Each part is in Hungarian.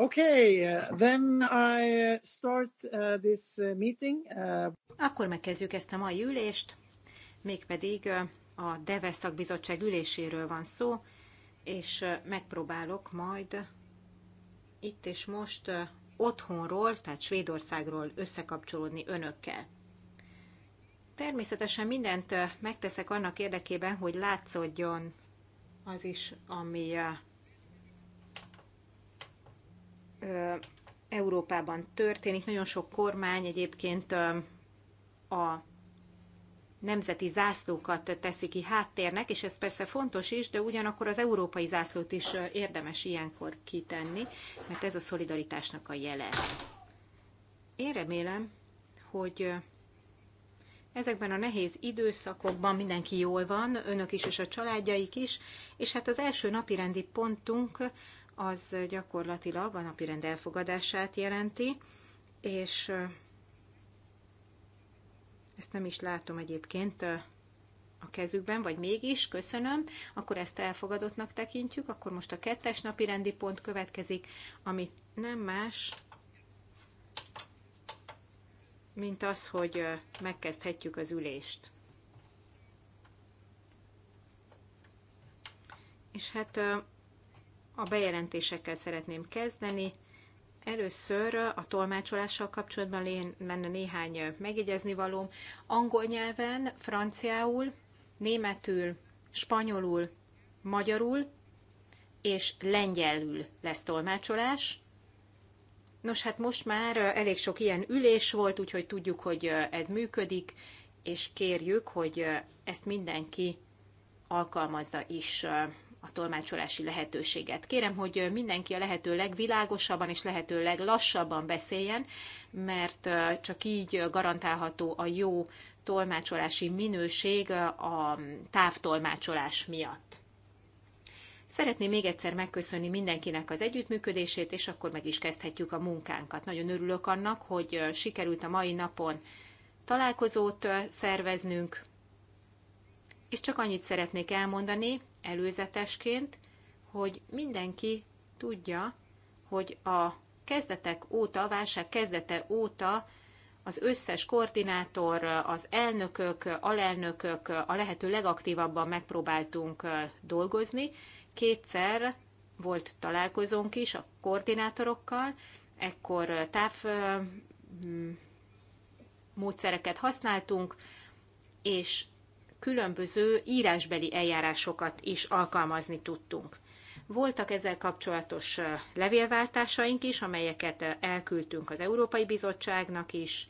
Okay, uh, then I uh, start uh, this meeting. Akkor megkezdjük ezt a mai ülést, mégpedig a DEVE szakbizottság üléséről van szó, és megpróbálok majd itt és most otthonról, tehát Svédországról összekapcsolódni önökkel. Természetesen mindent megteszek annak érdekében, hogy látszódjon az is, ami Európában történik. Nagyon sok kormány egyébként a nemzeti zászlókat teszi ki háttérnek, és ez persze fontos is, de ugyanakkor az európai zászlót is érdemes ilyenkor kitenni, mert ez a szolidaritásnak a jele. Én remélem, hogy ezekben a nehéz időszakokban mindenki jól van, önök is és a családjaik is, és hát az első napi rendi pontunk az gyakorlatilag a napirend elfogadását jelenti, és ezt nem is látom egyébként a kezükben, vagy mégis, köszönöm, akkor ezt elfogadottnak tekintjük, akkor most a kettes napi rendi pont következik, amit nem más, mint az, hogy megkezdhetjük az ülést. És hát a bejelentésekkel szeretném kezdeni. Először a tolmácsolással kapcsolatban lenne néhány megjegyezni valóm. Angol nyelven, franciául, németül, spanyolul, magyarul és lengyelül lesz tolmácsolás. Nos, hát most már elég sok ilyen ülés volt, úgyhogy tudjuk, hogy ez működik, és kérjük, hogy ezt mindenki alkalmazza is a tolmácsolási lehetőséget. Kérem, hogy mindenki a lehető legvilágosabban és lehető leglassabban beszéljen, mert csak így garantálható a jó tolmácsolási minőség a távtolmácsolás miatt. Szeretném még egyszer megköszönni mindenkinek az együttműködését, és akkor meg is kezdhetjük a munkánkat. Nagyon örülök annak, hogy sikerült a mai napon találkozót szerveznünk, és csak annyit szeretnék elmondani előzetesként, hogy mindenki tudja, hogy a kezdetek óta, a válság kezdete óta az összes koordinátor, az elnökök, alelnökök a lehető legaktívabban megpróbáltunk dolgozni. Kétszer volt találkozónk is a koordinátorokkal, ekkor táv módszereket használtunk, és különböző írásbeli eljárásokat is alkalmazni tudtunk. Voltak ezzel kapcsolatos levélváltásaink is, amelyeket elküldtünk az Európai Bizottságnak is,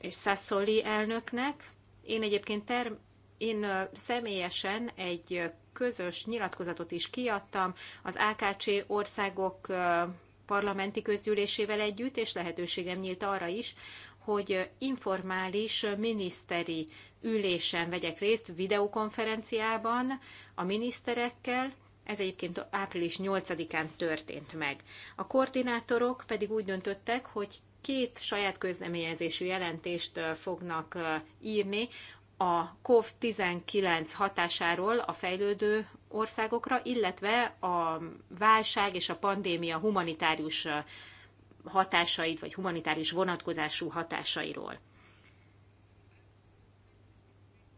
és Sassoli elnöknek. Én egyébként term- én személyesen egy közös nyilatkozatot is kiadtam az AKC országok parlamenti közgyűlésével együtt, és lehetőségem nyílt arra is, hogy informális miniszteri ülésen vegyek részt videokonferenciában a miniszterekkel, ez egyébként április 8-án történt meg. A koordinátorok pedig úgy döntöttek, hogy két saját közleményezésű jelentést fognak írni a COV-19 hatásáról a fejlődő országokra, illetve a válság és a pandémia humanitárius hatásait, vagy humanitáris vonatkozású hatásairól.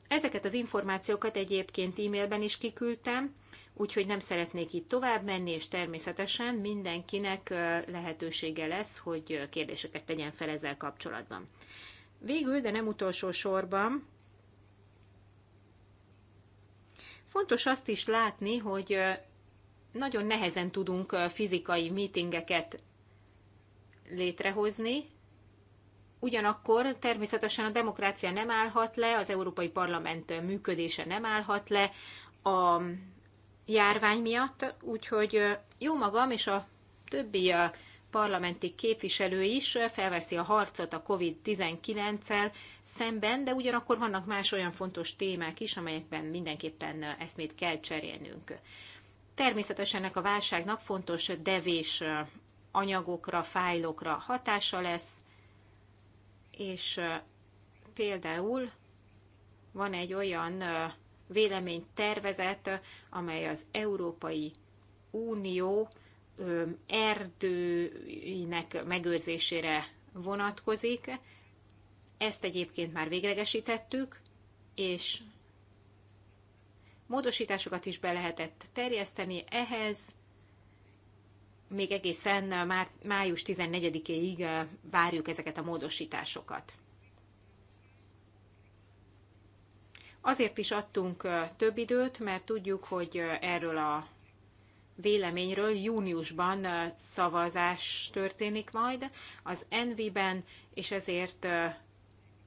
Ezeket az információkat egyébként e-mailben is kiküldtem, úgyhogy nem szeretnék itt tovább menni, és természetesen mindenkinek lehetősége lesz, hogy kérdéseket tegyen fel ezzel kapcsolatban. Végül, de nem utolsó sorban, fontos azt is látni, hogy nagyon nehezen tudunk fizikai meetingeket létrehozni, Ugyanakkor természetesen a demokrácia nem állhat le, az Európai Parlament működése nem állhat le a járvány miatt, úgyhogy jó magam és a többi parlamenti képviselő is felveszi a harcot a COVID-19-el szemben, de ugyanakkor vannak más olyan fontos témák is, amelyekben mindenképpen eszmét kell cserélnünk. Természetesen ennek a válságnak fontos devés anyagokra, fájlokra hatása lesz, és például van egy olyan véleménytervezet, amely az Európai Unió erdőinek megőrzésére vonatkozik. Ezt egyébként már véglegesítettük, és módosításokat is be lehetett terjeszteni ehhez, még egészen már május 14-éig várjuk ezeket a módosításokat. Azért is adtunk több időt, mert tudjuk, hogy erről a véleményről júniusban szavazás történik majd az Envi-ben, és ezért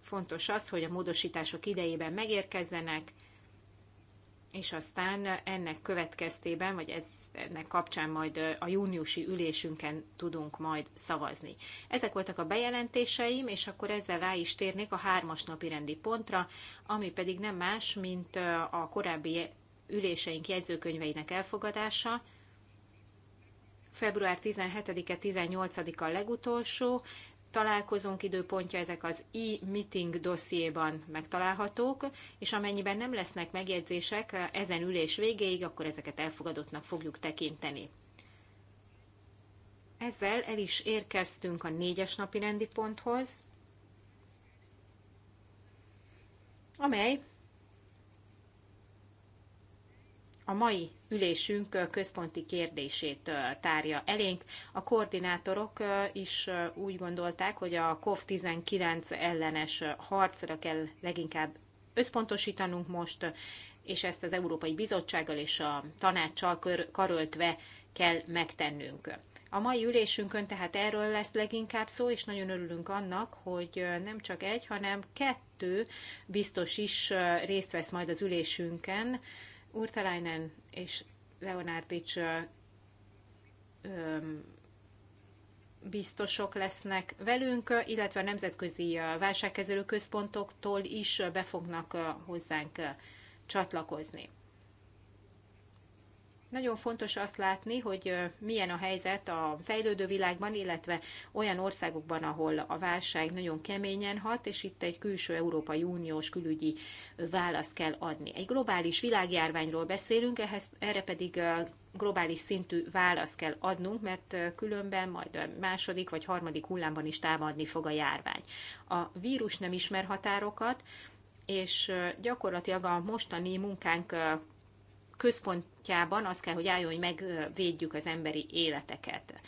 fontos az, hogy a módosítások idejében megérkezzenek, és aztán ennek következtében, vagy ez, ennek kapcsán majd a júniusi ülésünken tudunk majd szavazni. Ezek voltak a bejelentéseim, és akkor ezzel rá is térnék a hármas napi rendi pontra, ami pedig nem más, mint a korábbi üléseink jegyzőkönyveinek elfogadása, február 17-e, 18-a legutolsó, találkozónk időpontja, ezek az e-meeting dossziéban megtalálhatók, és amennyiben nem lesznek megjegyzések ezen ülés végéig, akkor ezeket elfogadottnak fogjuk tekinteni. Ezzel el is érkeztünk a négyes napi rendi ponthoz, amely a mai ülésünk központi kérdését tárja elénk. A koordinátorok is úgy gondolták, hogy a COV-19 ellenes harcra kell leginkább összpontosítanunk most, és ezt az Európai Bizottsággal és a tanácssal karöltve kell megtennünk. A mai ülésünkön tehát erről lesz leginkább szó, és nagyon örülünk annak, hogy nem csak egy, hanem kettő biztos is részt vesz majd az ülésünken, Urtalainen és Leonardics biztosok lesznek velünk, illetve a nemzetközi válságkezelő központoktól is be fognak hozzánk csatlakozni. Nagyon fontos azt látni, hogy milyen a helyzet a fejlődő világban, illetve olyan országokban, ahol a válság nagyon keményen hat, és itt egy külső Európai Uniós külügyi választ kell adni. Egy globális világjárványról beszélünk, ehhez, erre pedig globális szintű választ kell adnunk, mert különben majd a második vagy harmadik hullámban is támadni fog a járvány. A vírus nem ismer határokat, és gyakorlatilag a mostani munkánk központjában az kell, hogy álljon, hogy megvédjük az emberi életeket.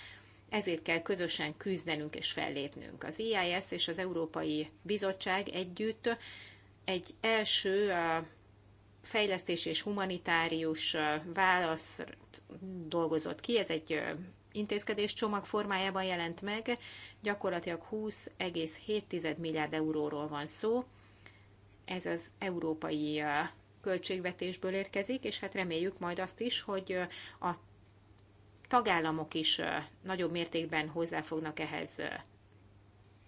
Ezért kell közösen küzdenünk és fellépnünk. Az EIS és az Európai Bizottság együtt egy első fejlesztés és humanitárius válasz dolgozott ki. Ez egy intézkedés csomag formájában jelent meg. Gyakorlatilag 20,7 milliárd euróról van szó. Ez az európai költségvetésből érkezik, és hát reméljük majd azt is, hogy a tagállamok is nagyobb mértékben hozzá fognak ehhez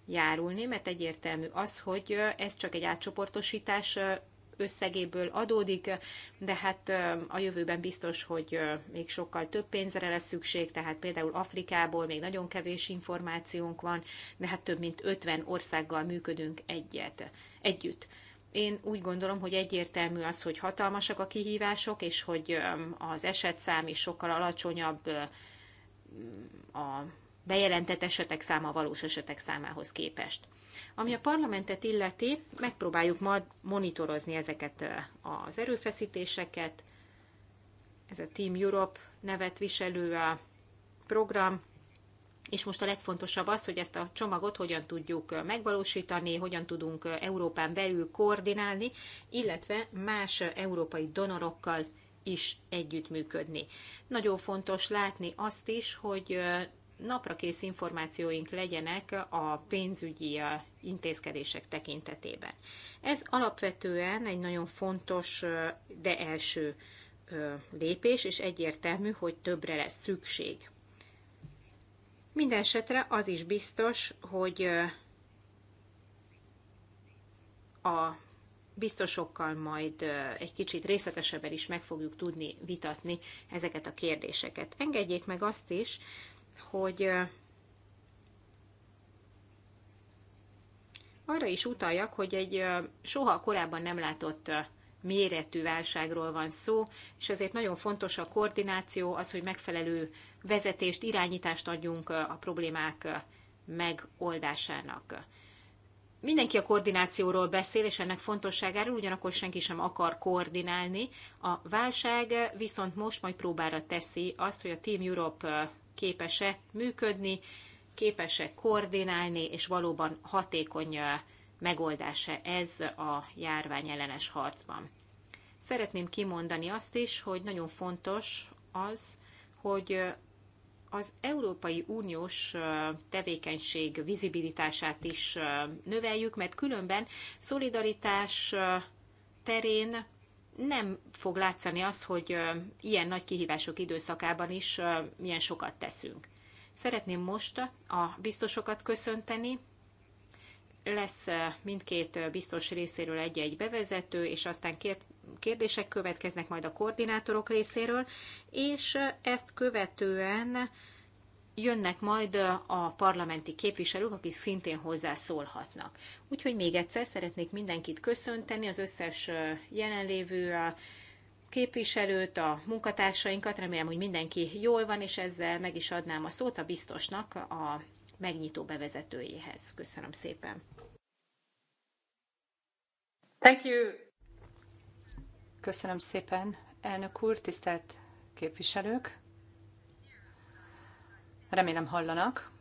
járulni, mert egyértelmű az, hogy ez csak egy átcsoportosítás összegéből adódik, de hát a jövőben biztos, hogy még sokkal több pénzre lesz szükség, tehát például Afrikából még nagyon kevés információnk van, de hát több mint 50 országgal működünk egyet, együtt én úgy gondolom, hogy egyértelmű az, hogy hatalmasak a kihívások, és hogy az esetszám is sokkal alacsonyabb a bejelentett esetek száma valós esetek számához képest. Ami a parlamentet illeti, megpróbáljuk majd monitorozni ezeket az erőfeszítéseket. Ez a Team Europe nevet viselő program, és most a legfontosabb az, hogy ezt a csomagot hogyan tudjuk megvalósítani, hogyan tudunk Európán belül koordinálni, illetve más európai donorokkal is együttműködni. Nagyon fontos látni azt is, hogy naprakész információink legyenek a pénzügyi intézkedések tekintetében. Ez alapvetően egy nagyon fontos, de első lépés, és egyértelmű, hogy többre lesz szükség. Mindenesetre az is biztos, hogy a biztosokkal majd egy kicsit részletesebben is meg fogjuk tudni vitatni ezeket a kérdéseket. Engedjék meg azt is, hogy arra is utaljak, hogy egy soha korábban nem látott méretű válságról van szó, és ezért nagyon fontos a koordináció, az, hogy megfelelő vezetést, irányítást adjunk a problémák megoldásának. Mindenki a koordinációról beszél, és ennek fontosságáról ugyanakkor senki sem akar koordinálni. A válság viszont most majd próbára teszi azt, hogy a Team Europe képes-e működni, képes-e koordinálni, és valóban hatékony megoldása ez a járvány ellenes harcban. Szeretném kimondani azt is, hogy nagyon fontos az, hogy az Európai Uniós tevékenység vizibilitását is növeljük, mert különben szolidaritás terén nem fog látszani az, hogy ilyen nagy kihívások időszakában is milyen sokat teszünk. Szeretném most a biztosokat köszönteni, lesz eh, mindkét eh, biztos részéről egy-egy bevezető, és aztán kérdések következnek majd a koordinátorok részéről, és eh, ezt követően jönnek majd a parlamenti képviselők, akik szintén hozzászólhatnak. Úgyhogy még egyszer szeretnék mindenkit köszönteni, az összes jelenlévő képviselőt, a munkatársainkat, remélem, hogy mindenki jól van, és ezzel meg is adnám a szót a biztosnak a megnyitó bevezetőjéhez. Köszönöm szépen! Thank you. Köszönöm szépen, elnök úr, tisztelt képviselők! Remélem hallanak.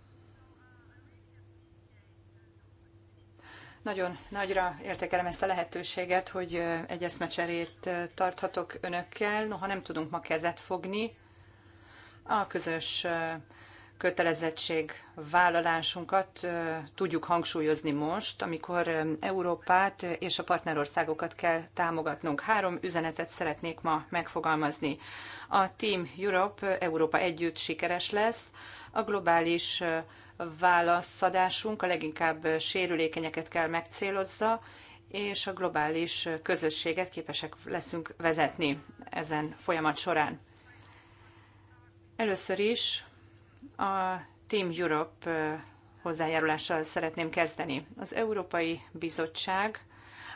Nagyon nagyra értékelem ezt a lehetőséget, hogy egy eszmecserét tarthatok önökkel. Noha nem tudunk ma kezet fogni, a közös kötelezettség vállalásunkat tudjuk hangsúlyozni most, amikor Európát és a partnerországokat kell támogatnunk. Három üzenetet szeretnék ma megfogalmazni. A Team Europe, Európa együtt sikeres lesz, a globális válaszadásunk a leginkább sérülékenyeket kell megcélozza, és a globális közösséget képesek leszünk vezetni ezen folyamat során. Először is a Team Europe hozzájárulással szeretném kezdeni. Az Európai Bizottság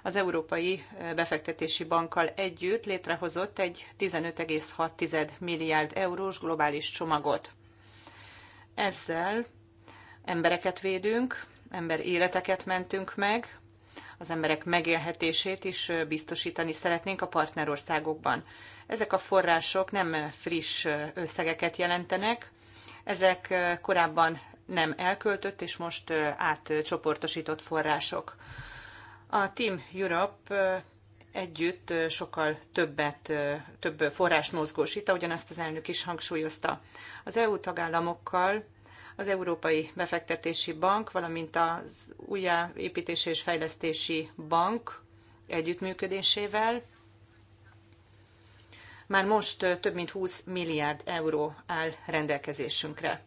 az Európai Befektetési Bankkal együtt létrehozott egy 15,6 milliárd eurós globális csomagot. Ezzel embereket védünk, ember életeket mentünk meg, az emberek megélhetését is biztosítani szeretnénk a partnerországokban. Ezek a források nem friss összegeket jelentenek, ezek korábban nem elköltött és most átcsoportosított források. A Team Europe együtt sokkal többet, több forrást mozgósít, ahogyan ezt az elnök is hangsúlyozta. Az EU tagállamokkal az Európai Befektetési Bank, valamint az újjáépítési és fejlesztési bank együttműködésével már most több mint 20 milliárd euró áll rendelkezésünkre.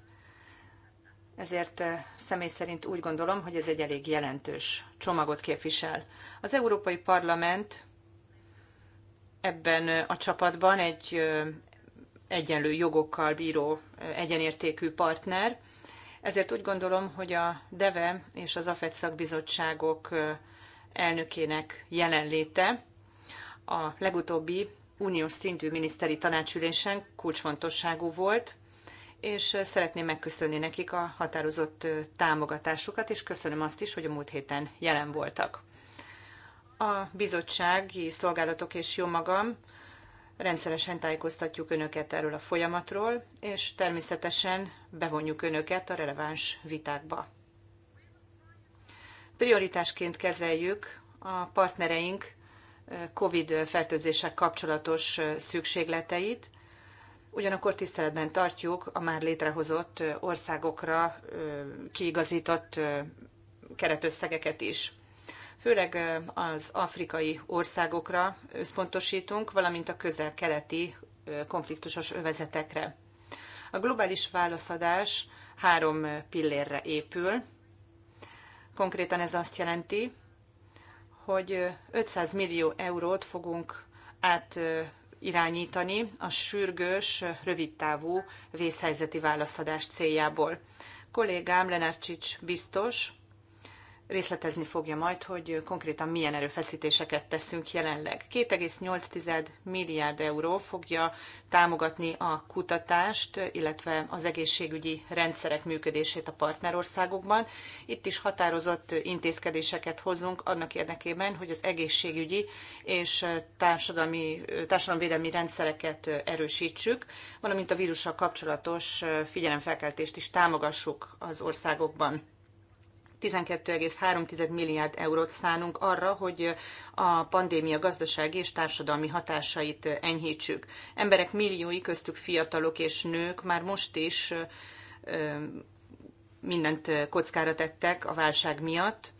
Ezért személy szerint úgy gondolom, hogy ez egy elég jelentős csomagot képvisel. Az Európai Parlament ebben a csapatban egy egyenlő jogokkal bíró egyenértékű partner. Ezért úgy gondolom, hogy a DEVE és az AFET szakbizottságok elnökének jelenléte a legutóbbi uniós szintű miniszteri tanácsülésen kulcsfontosságú volt, és szeretném megköszönni nekik a határozott támogatásukat, és köszönöm azt is, hogy a múlt héten jelen voltak. A bizottsági szolgálatok és jó magam rendszeresen tájékoztatjuk Önöket erről a folyamatról, és természetesen bevonjuk Önöket a releváns vitákba. Prioritásként kezeljük a partnereink COVID fertőzések kapcsolatos szükségleteit, ugyanakkor tiszteletben tartjuk a már létrehozott országokra kiigazított keretösszegeket is. Főleg az afrikai országokra összpontosítunk, valamint a közel-keleti konfliktusos övezetekre. A globális válaszadás három pillérre épül. Konkrétan ez azt jelenti, hogy 500 millió eurót fogunk át irányítani a sürgős, rövidtávú vészhelyzeti válaszadás céljából. Kollégám Lenárcsics biztos részletezni fogja majd, hogy konkrétan milyen erőfeszítéseket teszünk jelenleg. 2,8 milliárd euró fogja támogatni a kutatást, illetve az egészségügyi rendszerek működését a partnerországokban. Itt is határozott intézkedéseket hozunk annak érdekében, hogy az egészségügyi és társadalmi, társadalomvédelmi rendszereket erősítsük, valamint a vírussal kapcsolatos figyelemfelkeltést is támogassuk az országokban. 12,3 milliárd eurót szánunk arra, hogy a pandémia gazdasági és társadalmi hatásait enyhítsük. Emberek milliói, köztük fiatalok és nők már most is mindent kockára tettek a válság miatt.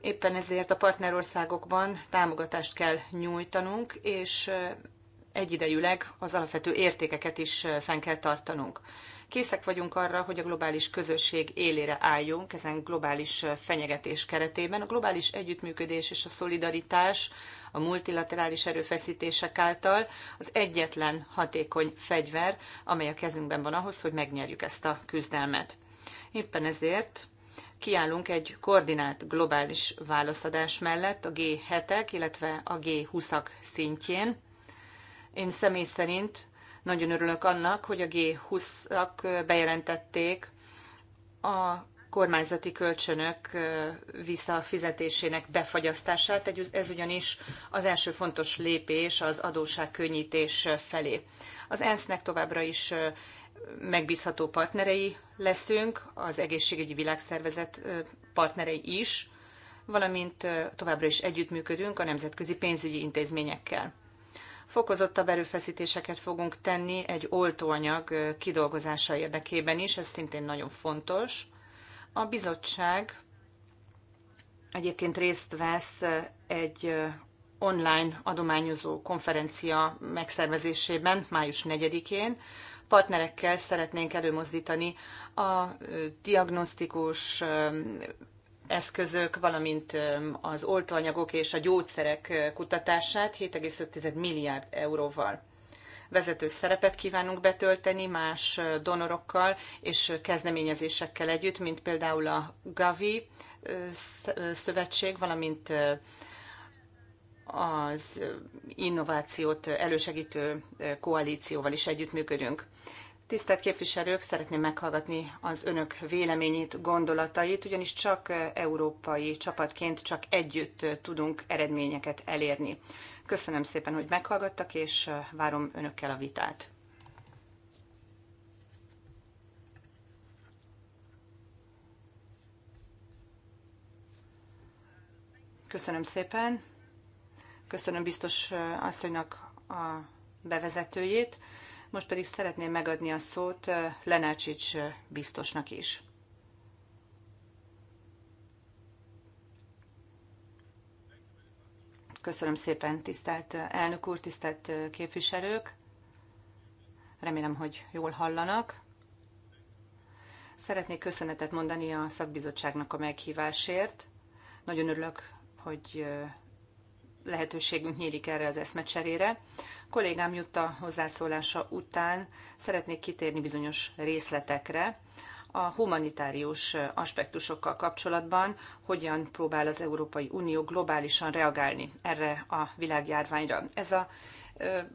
Éppen ezért a partnerországokban támogatást kell nyújtanunk, és egyidejűleg az alapvető értékeket is fenn kell tartanunk. Készek vagyunk arra, hogy a globális közösség élére álljunk ezen globális fenyegetés keretében. A globális együttműködés és a szolidaritás a multilaterális erőfeszítések által az egyetlen hatékony fegyver, amely a kezünkben van ahhoz, hogy megnyerjük ezt a küzdelmet. Éppen ezért kiállunk egy koordinált globális válaszadás mellett a G7-ek, illetve a G20-ak szintjén. Én személy szerint nagyon örülök annak, hogy a G20-ak bejelentették a kormányzati kölcsönök visszafizetésének befagyasztását. Ez ugyanis az első fontos lépés az könnyítés felé. Az ENSZ-nek továbbra is megbízható partnerei leszünk, az egészségügyi világszervezet partnerei is, valamint továbbra is együttműködünk a nemzetközi pénzügyi intézményekkel fokozottabb erőfeszítéseket fogunk tenni egy oltóanyag kidolgozása érdekében is, ez szintén nagyon fontos. A bizottság egyébként részt vesz egy online adományozó konferencia megszervezésében május 4-én. Partnerekkel szeretnénk előmozdítani a diagnosztikus eszközök, valamint az oltóanyagok és a gyógyszerek kutatását 7,5 milliárd euróval vezető szerepet kívánunk betölteni más donorokkal és kezdeményezésekkel együtt, mint például a Gavi szövetség, valamint az innovációt elősegítő koalícióval is együttműködünk. Tisztelt képviselők, szeretném meghallgatni az önök véleményét, gondolatait, ugyanis csak európai csapatként, csak együtt tudunk eredményeket elérni. Köszönöm szépen, hogy meghallgattak, és várom önökkel a vitát. Köszönöm szépen. Köszönöm biztos asszonynak a bevezetőjét. Most pedig szeretném megadni a szót Lenácsics biztosnak is. Köszönöm szépen, tisztelt elnök úr, tisztelt képviselők. Remélem, hogy jól hallanak. Szeretnék köszönetet mondani a szakbizottságnak a meghívásért. Nagyon örülök, hogy lehetőségünk nyílik erre az eszmecserére. Kollégám Jutta hozzászólása után szeretnék kitérni bizonyos részletekre, a humanitárius aspektusokkal kapcsolatban, hogyan próbál az Európai Unió globálisan reagálni erre a világjárványra. Ez a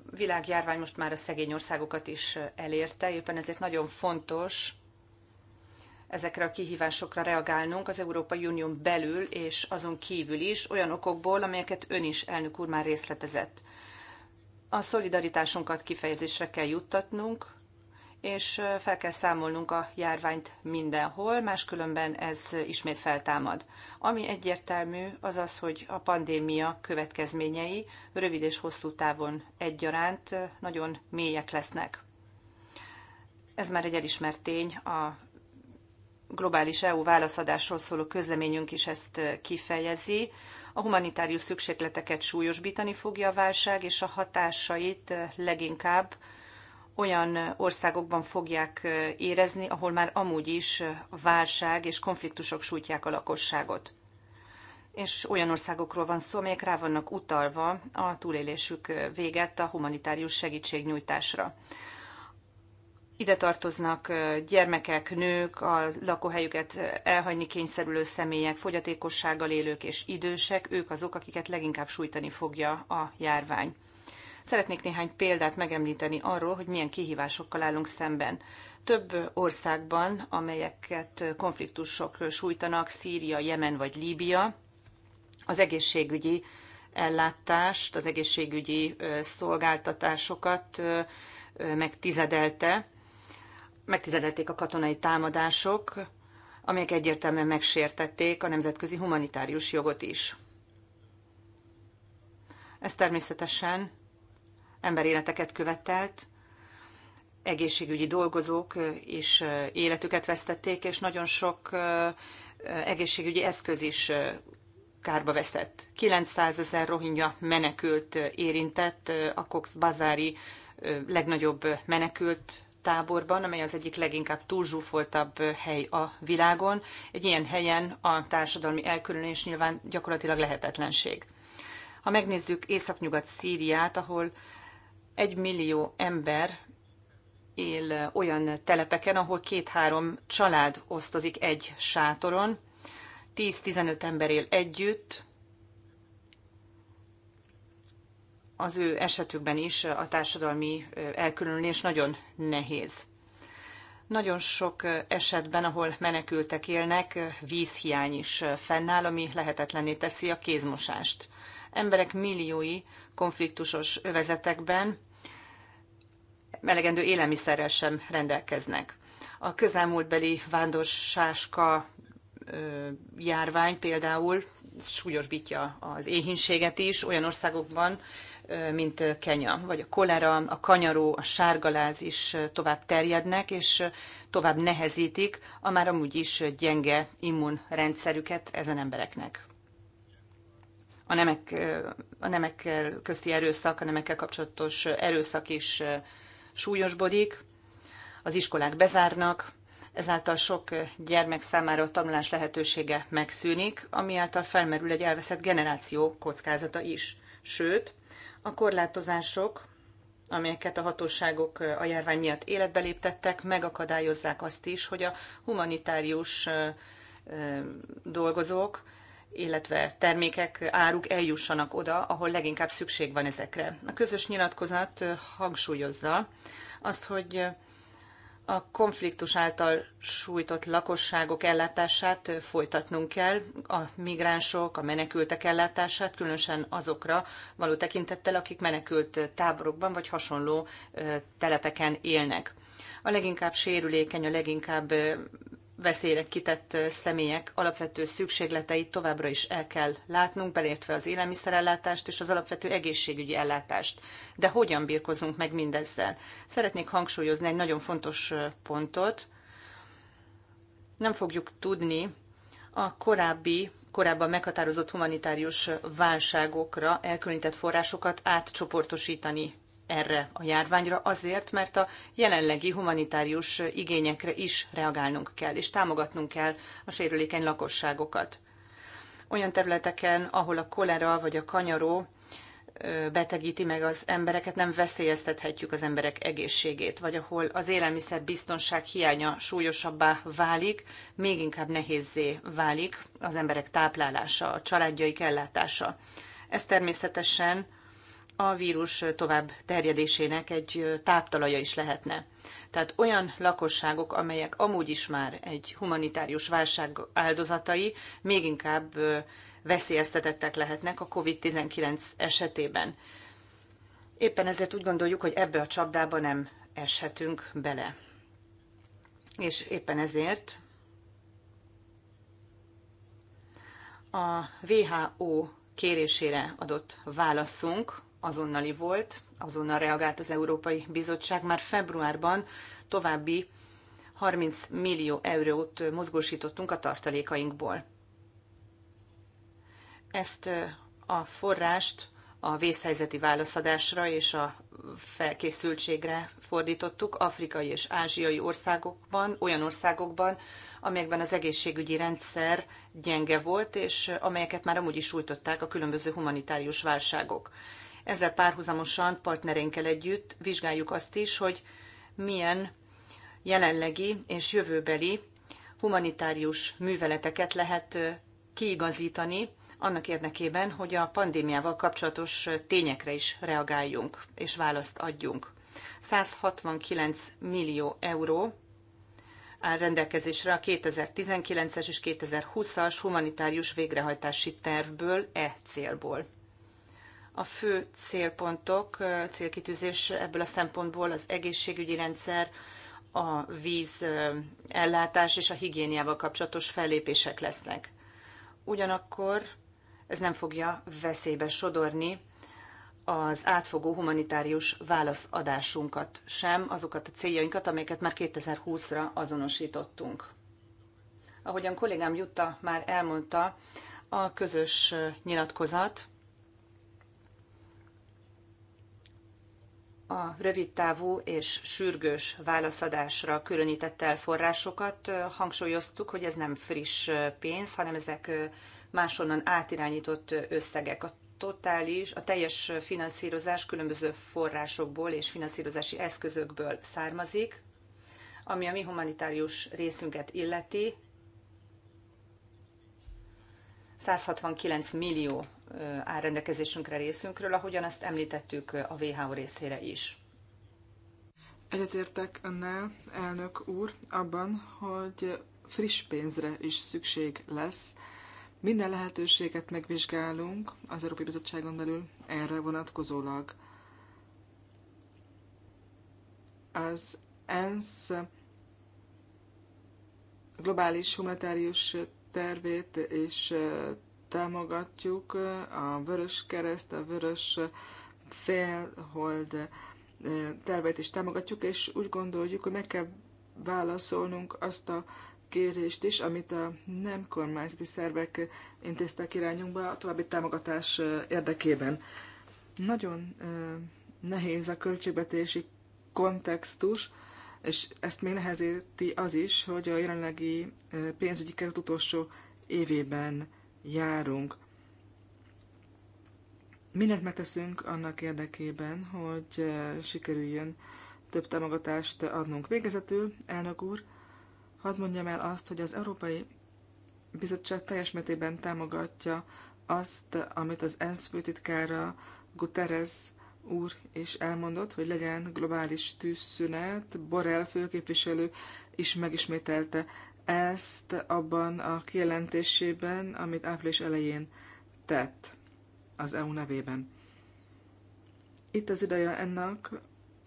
világjárvány most már a szegény országokat is elérte, éppen ezért nagyon fontos ezekre a kihívásokra reagálnunk az Európai Unión belül és azon kívül is, olyan okokból, amelyeket ön is, elnök úr, már részletezett. A szolidaritásunkat kifejezésre kell juttatnunk, és fel kell számolnunk a járványt mindenhol, máskülönben ez ismét feltámad. Ami egyértelmű, az az, hogy a pandémia következményei rövid és hosszú távon egyaránt nagyon mélyek lesznek. Ez már egy elismert tény a globális EU válaszadásról szóló közleményünk is ezt kifejezi. A humanitárius szükségleteket súlyosbítani fogja a válság, és a hatásait leginkább olyan országokban fogják érezni, ahol már amúgy is válság és konfliktusok sújtják a lakosságot. És olyan országokról van szó, amelyek rá vannak utalva a túlélésük véget a humanitárius segítségnyújtásra. Ide tartoznak gyermekek, nők, a lakóhelyüket elhagyni kényszerülő személyek, fogyatékossággal élők és idősek, ők azok, akiket leginkább sújtani fogja a járvány. Szeretnék néhány példát megemlíteni arról, hogy milyen kihívásokkal állunk szemben. Több országban, amelyeket konfliktusok sújtanak, Szíria, Jemen vagy Líbia, az egészségügyi ellátást, az egészségügyi szolgáltatásokat megtizedelte, megtizedelték a katonai támadások, amelyek egyértelműen megsértették a nemzetközi humanitárius jogot is. Ez természetesen emberéleteket követelt, egészségügyi dolgozók is életüket vesztették, és nagyon sok egészségügyi eszköz is kárba veszett. 900 ezer rohingya menekült érintett a Cox Bazári legnagyobb menekült táborban, amely az egyik leginkább túlzsúfoltabb hely a világon. Egy ilyen helyen a társadalmi elkülönés nyilván gyakorlatilag lehetetlenség. Ha megnézzük északnyugat Szíriát, ahol egy millió ember él olyan telepeken, ahol két-három család osztozik egy sátoron, 10-15 ember él együtt, az ő esetükben is a társadalmi elkülönülés nagyon nehéz. Nagyon sok esetben, ahol menekültek élnek, vízhiány is fennáll, ami lehetetlenné teszi a kézmosást. Emberek milliói konfliktusos övezetekben melegendő élelmiszerrel sem rendelkeznek. A közelmúltbeli vándorsáska járvány például súlyosbítja az éhínséget is olyan országokban, mint Kenya, vagy a kolera, a kanyaró, a sárgaláz is tovább terjednek, és tovább nehezítik a már amúgy is gyenge immunrendszerüket ezen embereknek. A nemek, a nemek közti erőszak, a nemekkel kapcsolatos erőszak is súlyosbodik, az iskolák bezárnak, Ezáltal sok gyermek számára a tanulás lehetősége megszűnik, ami által felmerül egy elveszett generáció kockázata is. Sőt, a korlátozások, amelyeket a hatóságok a járvány miatt életbe léptettek, megakadályozzák azt is, hogy a humanitárius dolgozók, illetve termékek, áruk eljussanak oda, ahol leginkább szükség van ezekre. A közös nyilatkozat hangsúlyozza azt, hogy a konfliktus által sújtott lakosságok ellátását folytatnunk kell, a migránsok, a menekültek ellátását, különösen azokra való tekintettel, akik menekült táborokban vagy hasonló telepeken élnek. A leginkább sérülékeny, a leginkább veszélyre kitett személyek alapvető szükségleteit továbbra is el kell látnunk, belértve az élelmiszerellátást és az alapvető egészségügyi ellátást. De hogyan birkozunk meg mindezzel? Szeretnék hangsúlyozni egy nagyon fontos pontot. Nem fogjuk tudni a korábbi korábban meghatározott humanitárius válságokra elkülönített forrásokat átcsoportosítani erre a járványra, azért, mert a jelenlegi humanitárius igényekre is reagálnunk kell, és támogatnunk kell a sérülékeny lakosságokat. Olyan területeken, ahol a kolera vagy a kanyaró betegíti meg az embereket, nem veszélyeztethetjük az emberek egészségét, vagy ahol az élelmiszer biztonság hiánya súlyosabbá válik, még inkább nehézzé válik az emberek táplálása, a családjaik ellátása. Ez természetesen a vírus tovább terjedésének egy táptalaja is lehetne. Tehát olyan lakosságok, amelyek amúgy is már egy humanitárius válság áldozatai, még inkább veszélyeztetettek lehetnek a COVID-19 esetében. Éppen ezért úgy gondoljuk, hogy ebbe a csapdába nem eshetünk bele. És éppen ezért a WHO kérésére adott válaszunk azonnali volt, azonnal reagált az Európai Bizottság. Már februárban további 30 millió eurót mozgósítottunk a tartalékainkból. Ezt a forrást a vészhelyzeti válaszadásra és a felkészültségre fordítottuk afrikai és ázsiai országokban, olyan országokban, amelyekben az egészségügyi rendszer gyenge volt, és amelyeket már amúgy is sújtották a különböző humanitárius válságok. Ezzel párhuzamosan partnereinkkel együtt vizsgáljuk azt is, hogy milyen jelenlegi és jövőbeli humanitárius műveleteket lehet kiigazítani annak érdekében, hogy a pandémiával kapcsolatos tényekre is reagáljunk és választ adjunk. 169 millió euró áll rendelkezésre a 2019-es és 2020-as humanitárius végrehajtási tervből e célból. A fő célpontok, célkitűzés ebből a szempontból az egészségügyi rendszer, a víz ellátás és a higiéniával kapcsolatos fellépések lesznek. Ugyanakkor ez nem fogja veszélybe sodorni az átfogó humanitárius válaszadásunkat sem, azokat a céljainkat, amelyeket már 2020-ra azonosítottunk. Ahogyan kollégám Jutta már elmondta, a közös nyilatkozat a rövidtávú és sürgős válaszadásra különített el forrásokat. Hangsúlyoztuk, hogy ez nem friss pénz, hanem ezek máshonnan átirányított összegek. A totális, a teljes finanszírozás különböző forrásokból és finanszírozási eszközökből származik, ami a mi humanitárius részünket illeti. 169 millió áll rendelkezésünkre részünkről, ahogyan azt említettük a WHO részére is. Egyetértek önnel, elnök úr, abban, hogy friss pénzre is szükség lesz. Minden lehetőséget megvizsgálunk az Európai Bizottságon belül erre vonatkozólag. Az ENSZ globális humanitárius tervét és támogatjuk a Vörös Kereszt, a Vörös Félhold terveit is támogatjuk, és úgy gondoljuk, hogy meg kell válaszolnunk azt a kérést is, amit a nem kormányzati szervek intéztek irányunkba a további támogatás érdekében. Nagyon nehéz a költségvetési kontextus, és ezt még nehezíti az is, hogy a jelenlegi pénzügyi keret utolsó évében járunk. Mindent megteszünk annak érdekében, hogy eh, sikerüljön több támogatást adnunk. Végezetül, elnök úr, hadd mondjam el azt, hogy az Európai Bizottság teljes mértékben támogatja azt, amit az ENSZ főtitkára Guterres úr is elmondott, hogy legyen globális tűzszünet, Borrell főképviselő is megismételte ezt abban a kijelentésében, amit április elején tett az EU nevében. Itt az ideje ennek,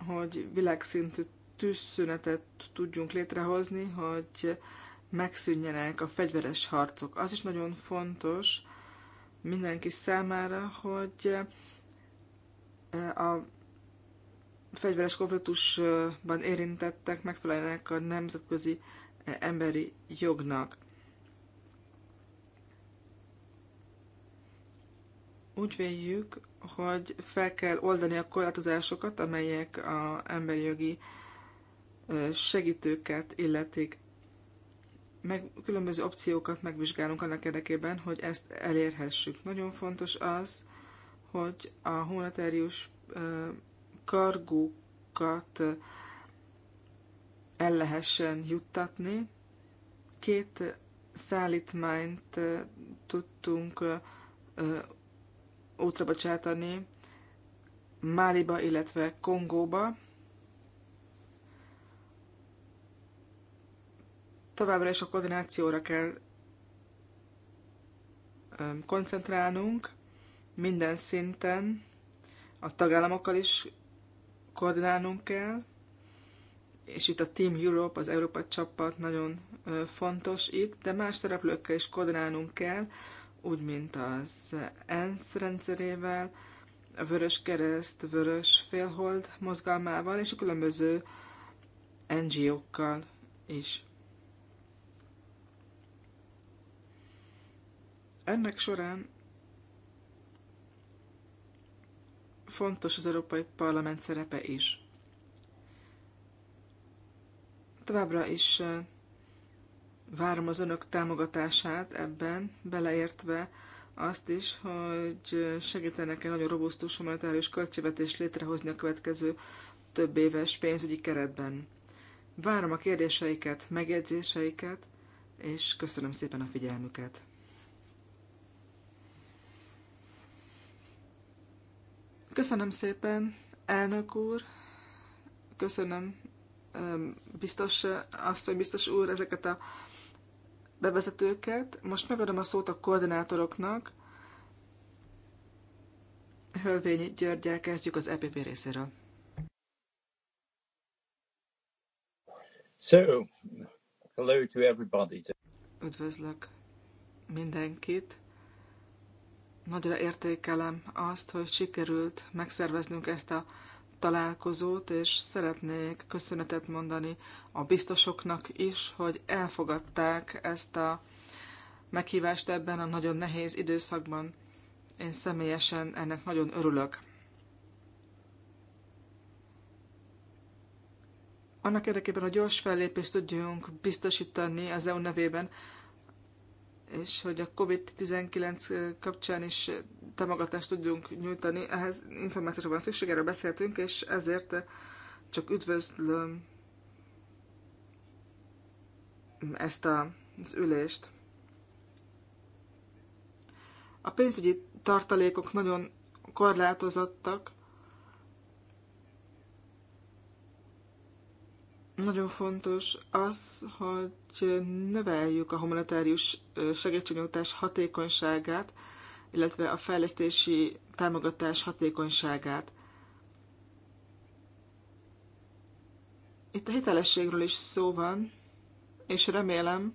hogy világszintű tűzszünetet tudjunk létrehozni, hogy megszűnjenek a fegyveres harcok. Az is nagyon fontos mindenki számára, hogy eh, a fegyveres konfliktusban érintettek megfelelnek a nemzetközi emberi jognak. Úgy véljük, hogy fel kell oldani a korlátozásokat, amelyek az emberi jogi segítőket illetik. Meg, különböző opciókat megvizsgálunk annak érdekében, hogy ezt elérhessük. Nagyon fontos az, hogy a humanitárius kargókat el lehessen juttatni. Két szállítmányt tudtunk útra bocsátani Máliba, illetve Kongóba. Továbbra is a koordinációra kell koncentrálnunk minden szinten, a tagállamokkal is koordinálnunk kell, és itt a Team Europe, az Európa csapat nagyon fontos itt, de más szereplőkkel is koordinálnunk kell, úgy, mint az ENSZ rendszerével, a Vörös Kereszt, Vörös Félhold mozgalmával, és a különböző NGO-kkal is. Ennek során fontos az Európai Parlament szerepe is. Továbbra is várom az önök támogatását ebben, beleértve azt is, hogy segítenek-e nagyon robusztus humanitárius költségvetést létrehozni a következő több éves pénzügyi keretben. Várom a kérdéseiket, megjegyzéseiket, és köszönöm szépen a figyelmüket. Köszönöm szépen, elnök úr, köszönöm biztos asszony, biztos úr ezeket a bevezetőket. Most megadom a szót a koordinátoroknak. Hölvényi Györgyel kezdjük az EPP részéről. So, hello to everybody. Üdvözlök mindenkit. Nagyra értékelem azt, hogy sikerült megszerveznünk ezt a találkozót, és szeretnék köszönetet mondani a biztosoknak is, hogy elfogadták ezt a meghívást ebben a nagyon nehéz időszakban. Én személyesen ennek nagyon örülök. Annak érdekében, hogy gyors fellépést tudjunk biztosítani az EU nevében, és hogy a COVID-19 kapcsán is támogatást tudjunk nyújtani. Ehhez információra van szükség, erről beszéltünk, és ezért csak üdvözlöm ezt a, az ülést. A pénzügyi tartalékok nagyon korlátozottak, Nagyon fontos az, hogy növeljük a humanitárius segítségnyújtás hatékonyságát, illetve a fejlesztési támogatás hatékonyságát. Itt a hitelességről is szó van, és remélem,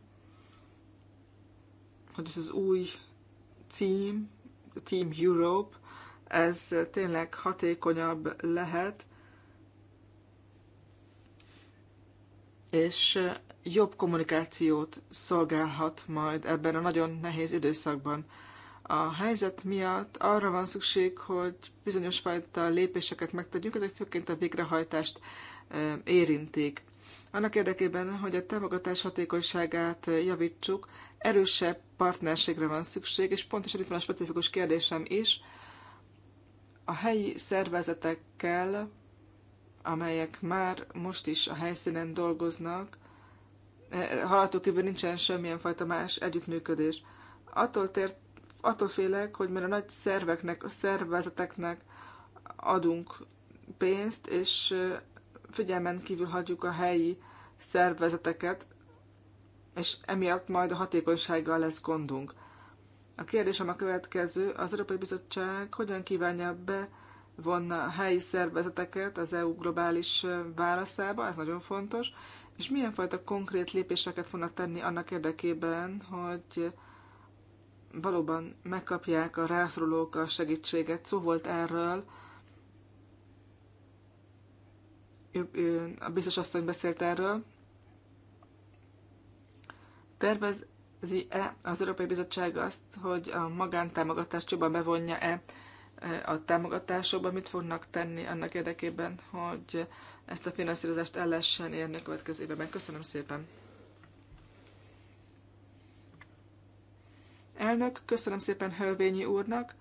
hogy ez az új cím, Team Europe, ez tényleg hatékonyabb lehet, és jobb kommunikációt szolgálhat majd ebben a nagyon nehéz időszakban. A helyzet miatt arra van szükség, hogy bizonyos fajta lépéseket megtegyünk, ezek főként a végrehajtást érintik. Annak érdekében, hogy a támogatás hatékonyságát javítsuk, erősebb partnerségre van szükség, és pontosan itt van a specifikus kérdésem is. A helyi szervezetekkel amelyek már most is a helyszínen dolgoznak. Eh, Halatok kívül nincsen semmilyen fajta más együttműködés. Attól, tért, attól félek, hogy mert a nagy szerveknek, a szervezeteknek adunk pénzt, és eh, figyelmen kívül hagyjuk a helyi szervezeteket, és emiatt majd a hatékonysággal lesz gondunk. A kérdésem a következő, az Európai Bizottság hogyan kívánja be vonna a helyi szervezeteket az EU globális válaszába, ez nagyon fontos, és milyen fajta konkrét lépéseket fognak tenni annak érdekében, hogy valóban megkapják a rászorulók a segítséget. Szó volt erről, a biztos asszony beszélt erről. Tervezi-e az Európai Bizottság azt, hogy a magántámogatást jobban bevonja-e a támogatásokban, mit fognak tenni annak érdekében, hogy ezt a finanszírozást el lehessen érni a következő évben. Köszönöm szépen! Elnök, köszönöm szépen Hölvényi úrnak.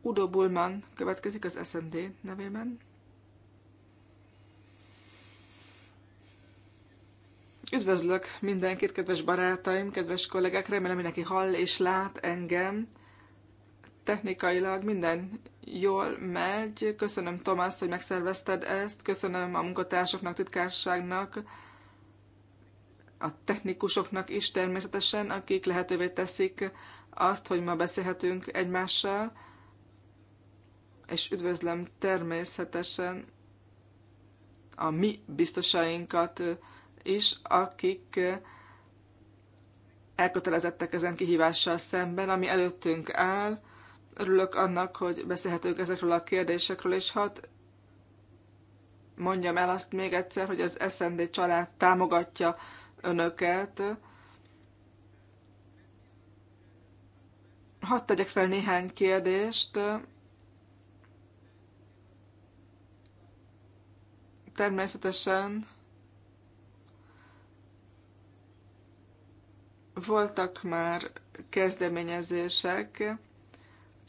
Udo Bullman következik az SND nevében. Üdvözlök mindenkit, kedves barátaim, kedves kollégák, remélem mindenki hall és lát engem technikailag minden jól megy. Köszönöm, Tomás, hogy megszervezted ezt. Köszönöm a munkatársoknak, titkárságnak, a technikusoknak is természetesen, akik lehetővé teszik azt, hogy ma beszélhetünk egymással. És üdvözlöm természetesen a mi biztosainkat is, akik elkötelezettek ezen kihívással szemben, ami előttünk áll, örülök annak, hogy beszélhetünk ezekről a kérdésekről, és hat mondjam el azt még egyszer, hogy az SND család támogatja önöket. Hadd tegyek fel néhány kérdést. Természetesen voltak már kezdeményezések,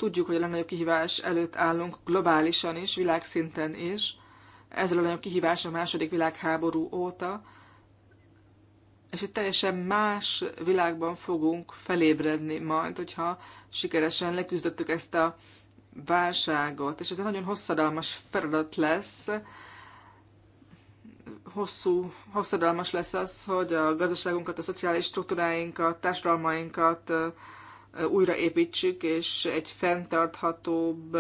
Tudjuk, hogy a legnagyobb kihívás előtt állunk globálisan is, világszinten is. Ez a legnagyobb kihívás a második világháború óta. És egy teljesen más világban fogunk felébredni majd, hogyha sikeresen leküzdöttük ezt a válságot. És ez egy nagyon hosszadalmas feladat lesz, hosszú, hosszadalmas lesz az, hogy a gazdaságunkat, a szociális struktúráinkat, társadalmainkat újraépítsük, és egy fenntarthatóbb,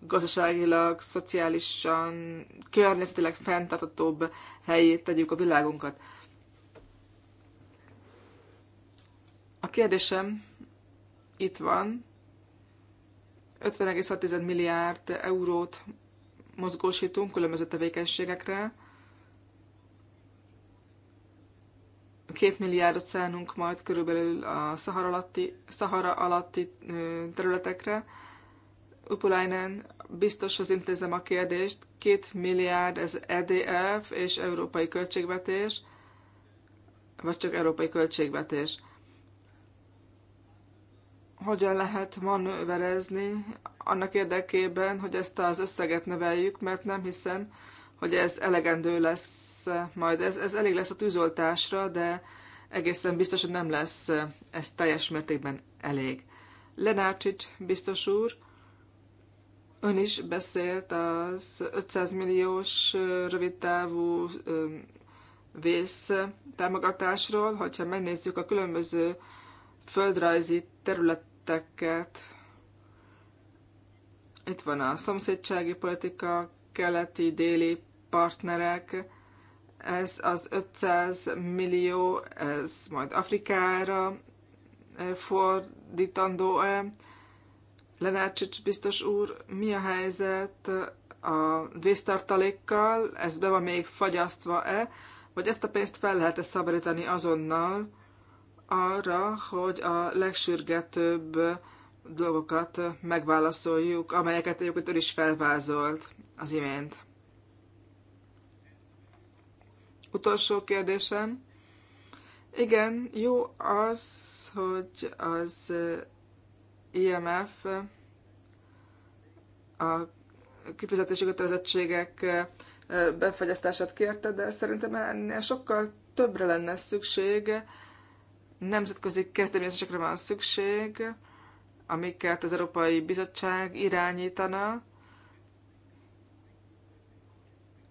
gazdaságilag, szociálisan, környezetileg fenntarthatóbb helyét tegyük a világunkat. A kérdésem itt van. 50,6 milliárd eurót mozgósítunk különböző tevékenységekre, két milliárdot szánunk majd körülbelül a Szahara alatti, Szahara alatti területekre. Upulainen biztoshoz intézem a kérdést, két milliárd ez EDF és európai költségvetés, vagy csak európai költségvetés. Hogyan lehet manőverezni annak érdekében, hogy ezt az összeget növeljük, mert nem hiszem, hogy ez elegendő lesz lesz eh, majd ez. Ez elég lesz a tűzoltásra, de egészen biztos, hogy nem lesz eh, ez teljes mértékben elég. Lenárcsics biztos úr, ön is beszélt az 500 milliós eh, rövidtávú vész támogatásról, hogyha megnézzük a különböző földrajzi területeket, itt van a szomszédsági politika, keleti, déli partnerek, ez az 500 millió, ez majd Afrikára eh, fordítandó-e? Lenárcsics biztos úr, mi a helyzet a víztartalékkal? Ez be van még fagyasztva-e? Vagy ezt a pénzt fel lehet-e szabadítani azonnal arra, hogy a legsürgetőbb dolgokat megválaszoljuk, amelyeket egyébként ő is felvázolt az imént? Utolsó kérdésem. Igen, jó az, hogy az eh, IMF a kifizetési kötelezettségek eh, befagyasztását kérte, de szerintem ennél sokkal többre lenne szükség, nemzetközi kezdeményezésekre van szükség, amiket az Európai Bizottság irányítana,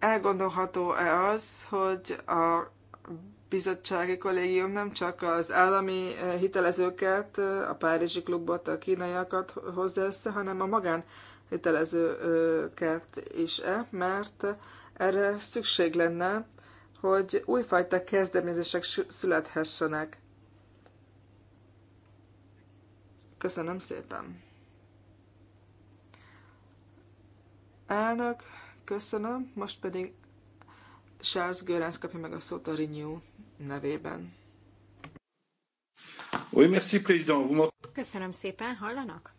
elgondolható-e az, hogy a bizottsági kollégium nem csak az állami eh, hitelezőket, eh, a Párizsi klubot, a kínaiakat hozza össze, hanem a magán hitelezőket is-e, eh? mert erre szükség lenne, hogy újfajta kezdeményezések születhessenek. Köszönöm szépen! Elnök, Köszönöm, most pedig Charles Görens kapja meg a szót a Renew nevében. Oui, merci, président. Köszönöm szépen, hallanak?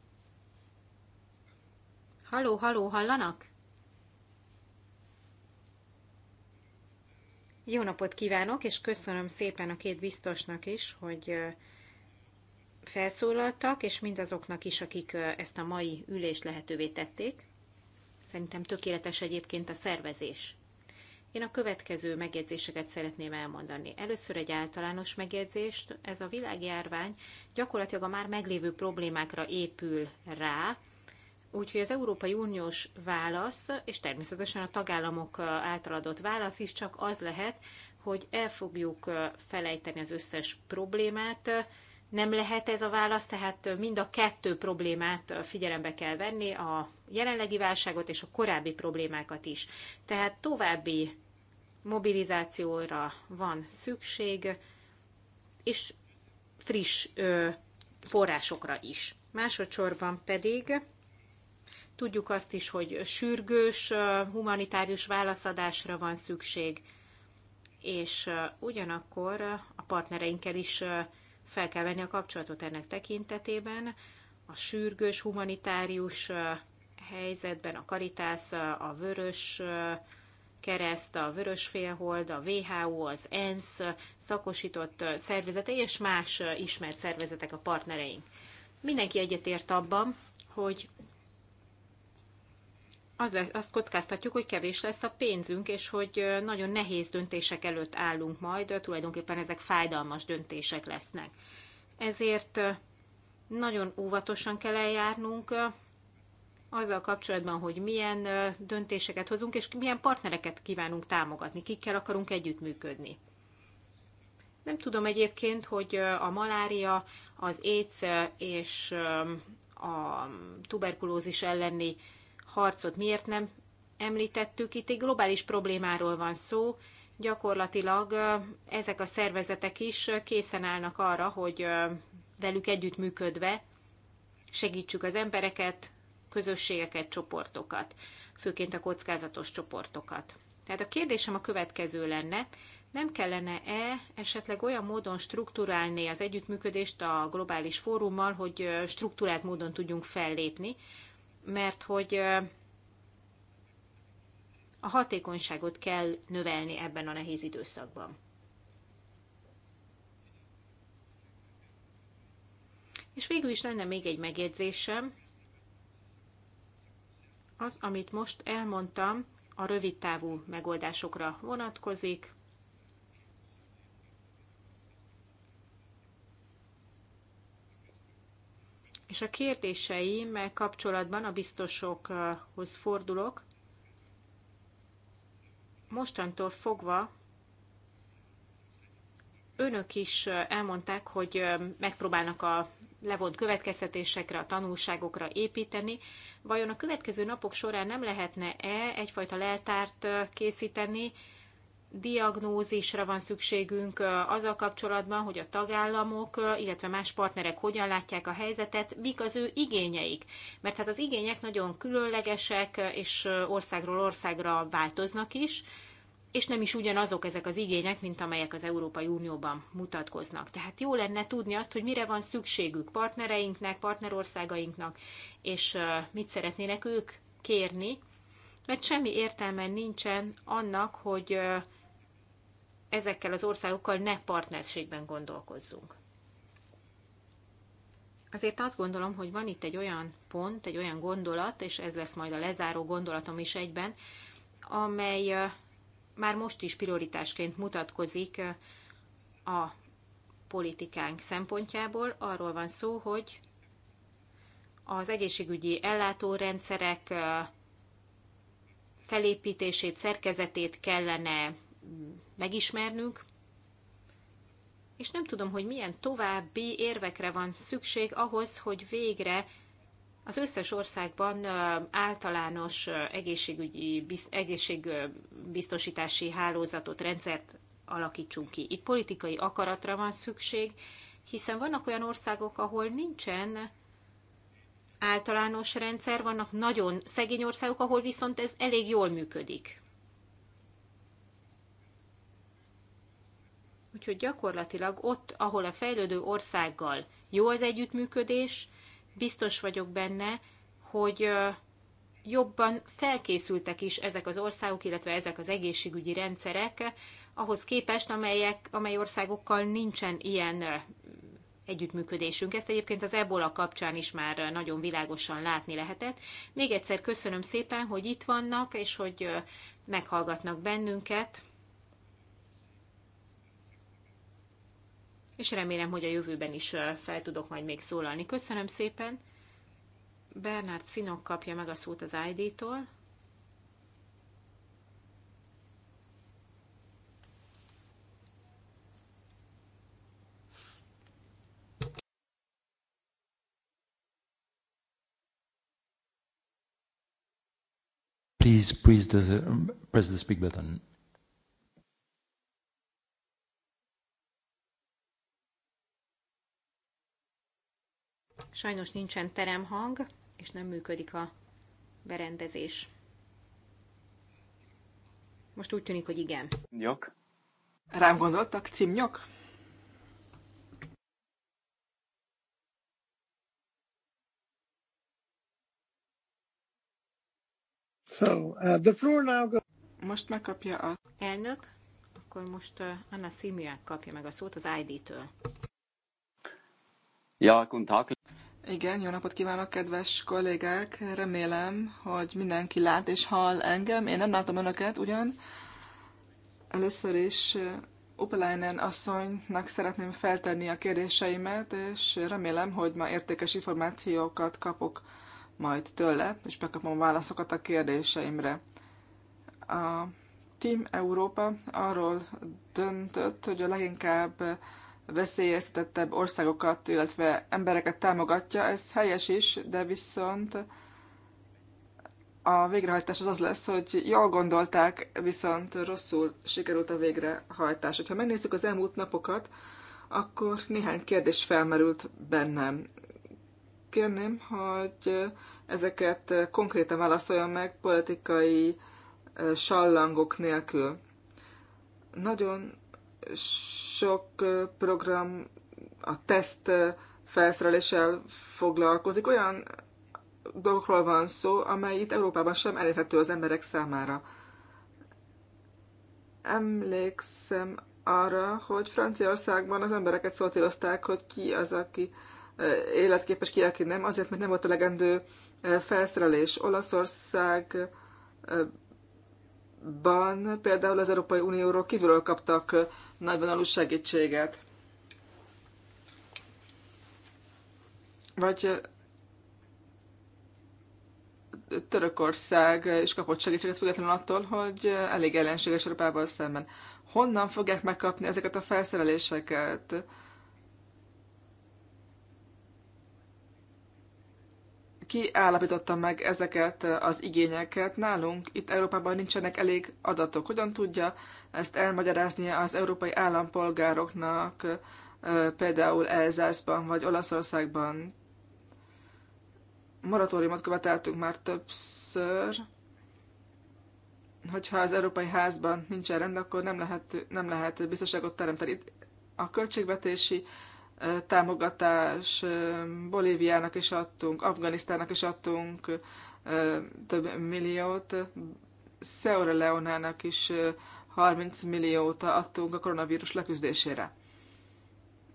Haló, haló, hallanak? Jó napot kívánok, és köszönöm szépen a két biztosnak is, hogy felszólaltak, és mindazoknak is, akik ezt a mai ülést lehetővé tették. Szerintem tökéletes egyébként a szervezés. Én a következő megjegyzéseket szeretném elmondani. Először egy általános megjegyzést, ez a világjárvány gyakorlatilag a már meglévő problémákra épül rá, Úgyhogy az Európai Uniós válasz, és természetesen a tagállamok által adott válasz is csak az lehet, hogy el fogjuk felejteni az összes problémát. Nem lehet ez a válasz, tehát mind a kettő problémát figyelembe kell venni, a jelenlegi válságot és a korábbi problémákat is. Tehát további mobilizációra van szükség, és friss ö, forrásokra is. Másodszorban pedig tudjuk azt is, hogy sürgős humanitárius válaszadásra van szükség, és ugyanakkor a partnereinkkel is fel kell venni a kapcsolatot ennek tekintetében. A sürgős humanitárius helyzetben a Karitász, a Vörös Kereszt, a Vörös Félhold, a WHO, az ENSZ szakosított szervezetei és más ismert szervezetek a partnereink. Mindenki egyetért abban, hogy az azt kockáztatjuk, hogy kevés lesz a pénzünk, és hogy nagyon nehéz döntések előtt állunk majd, tulajdonképpen ezek fájdalmas döntések lesznek. Ezért nagyon óvatosan kell eljárnunk, azzal kapcsolatban, hogy milyen döntéseket hozunk, és milyen partnereket kívánunk támogatni, kikkel akarunk együttműködni. Nem tudom egyébként, hogy a malária, az ÉC és a tuberkulózis elleni harcot miért nem említettük. Itt egy globális problémáról van szó. Gyakorlatilag ezek a szervezetek is készen állnak arra, hogy velük együttműködve segítsük az embereket, közösségeket, csoportokat, főként a kockázatos csoportokat. Tehát a kérdésem a következő lenne, nem kellene-e esetleg olyan módon strukturálni az együttműködést a globális fórummal, hogy struktúrált módon tudjunk fellépni, mert hogy a hatékonyságot kell növelni ebben a nehéz időszakban. És végül is lenne még egy megjegyzésem. Az, amit most elmondtam, a rövidtávú megoldásokra vonatkozik. És a kérdéseimmel kapcsolatban a biztosokhoz fordulok. Mostantól fogva önök is elmondták, hogy megpróbálnak a levont következtetésekre, a tanulságokra építeni. Vajon a következő napok során nem lehetne-e egyfajta leltárt készíteni, diagnózisra van szükségünk azzal kapcsolatban, hogy a tagállamok, illetve más partnerek hogyan látják a helyzetet, mik az ő igényeik. Mert hát az igények nagyon különlegesek, és országról országra változnak is, és nem is ugyanazok ezek az igények, mint amelyek az Európai Unióban mutatkoznak. Tehát jó lenne tudni azt, hogy mire van szükségük partnereinknek, partnerországainknak, és mit szeretnének ők kérni, mert semmi értelme nincsen annak, hogy ezekkel az országokkal ne partnerségben gondolkozzunk. Azért azt gondolom, hogy van itt egy olyan pont, egy olyan gondolat, és ez lesz majd a lezáró gondolatom is egyben, amely már most is prioritásként mutatkozik eh, a politikánk szempontjából. Arról van szó, hogy az egészségügyi ellátórendszerek eh, felépítését, szerkezetét kellene mm, megismernünk, és nem tudom, hogy milyen további érvekre van szükség ahhoz, hogy végre az összes országban általános egészségügyi, egészségbiztosítási hálózatot, rendszert alakítsunk ki. Itt politikai akaratra van szükség, hiszen vannak olyan országok, ahol nincsen általános rendszer, vannak nagyon szegény országok, ahol viszont ez elég jól működik. Úgyhogy gyakorlatilag ott, ahol a fejlődő országgal jó az együttműködés, biztos vagyok benne, hogy jobban felkészültek is ezek az országok, illetve ezek az egészségügyi rendszerek, ahhoz képest, amelyek, amely országokkal nincsen ilyen együttműködésünk. Ezt egyébként az ebola kapcsán is már nagyon világosan látni lehetett. Még egyszer köszönöm szépen, hogy itt vannak, és hogy meghallgatnak bennünket. és remélem, hogy a jövőben is fel tudok majd még szólalni. Köszönöm szépen! Bernard Sinok kapja meg a szót az ID-tól. Please please the, um, press the speak button. Sajnos nincsen teremhang, és nem működik a berendezés. Most úgy tűnik, hogy igen. Nyok. Rám gondoltak, címnyok? So, uh, the floor now go- most megkapja a... Elnök, akkor most uh, Anna Simiak kapja meg a szót az ID-től. Ja, guten Tag, igen, jó napot kívánok, kedves kollégák! Remélem, hogy mindenki lát és hall engem. Én nem látom önöket ugyan. Először is eh, Opelainen asszonynak szeretném feltenni a kérdéseimet, és remélem, hogy ma értékes információkat kapok majd tőle, és bekapom a válaszokat a kérdéseimre. A Team Európa arról döntött, hogy a leginkább veszélyeztetettebb országokat, illetve embereket támogatja. Ez helyes is, de viszont a végrehajtás az az lesz, hogy jól gondolták, viszont rosszul sikerült a végrehajtás. Ha megnézzük az elmúlt napokat, akkor néhány kérdés felmerült bennem. Kérném, hogy ezeket konkrétan válaszoljon meg politikai eh, sallangok nélkül. Nagyon sok program a teszt felszereléssel foglalkozik. Olyan dolgokról van szó, amely itt Európában sem elérhető az emberek számára. Emlékszem arra, hogy Franciaországban az embereket szóltírozták, hogy ki az, aki életképes, ki, aki nem, azért, mert nem volt elegendő felszerelés. Olaszország Ban például az Európai Unióról kívülről kaptak nagyvonalú segítséget. Vagy Törökország is kapott segítséget, függetlenül attól, hogy elég ellenséges Európával szemben. Honnan fogják megkapni ezeket a felszereléseket? ki állapította meg ezeket az igényeket nálunk? Itt Európában nincsenek elég adatok. Hogyan tudja ezt elmagyarázni az európai állampolgároknak, például Elzászban vagy Olaszországban? Moratóriumot követeltünk már többször. Hogyha az Európai Házban nincsen rend, akkor nem lehet, nem lehet biztonságot teremteni. Itt a költségvetési uh, támogatás, Bolíviának is adtunk, Afganisztának is adtunk több milliót, Szeora Leonának is 30 milliót adtunk a koronavírus leküzdésére.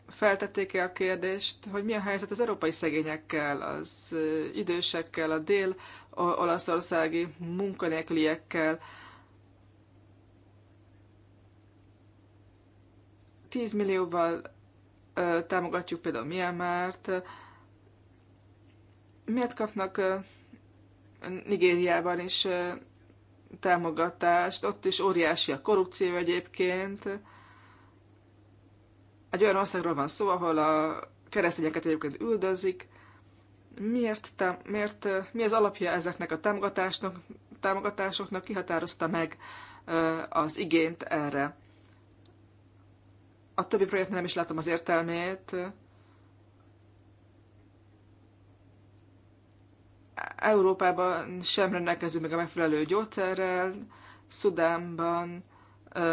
Feltették-e a kérdést, hogy mi a helyzet az európai szegényekkel, az idősekkel, a dél-olaszországi munkanélküliekkel, 10 millióval támogatjuk például Myanmart, miért kapnak Nigériában is támogatást, ott is óriási a korrupció egyébként. Egy olyan országról van szó, ahol a keresztényeket egyébként üldözik. Miért, miért, mi az alapja ezeknek a támogatásoknak? támogatásoknak? Ki határozta meg az igényt erre? a többi projektnél nem is látom az értelmét. Európában sem rendelkezünk meg a megfelelő gyógyszerrel, Szudánban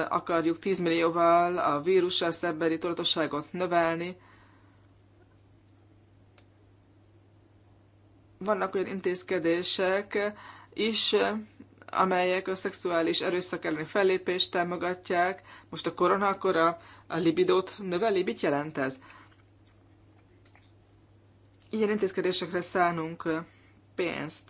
akarjuk 10 millióval a vírussal szembeni tudatosságot növelni. Vannak olyan intézkedések is, amelyek a szexuális erőszak elleni fellépést támogatják. Most a korona akkor a, a libidót növeli? Mit jelent ez? Ilyen intézkedésekre szánunk pénzt.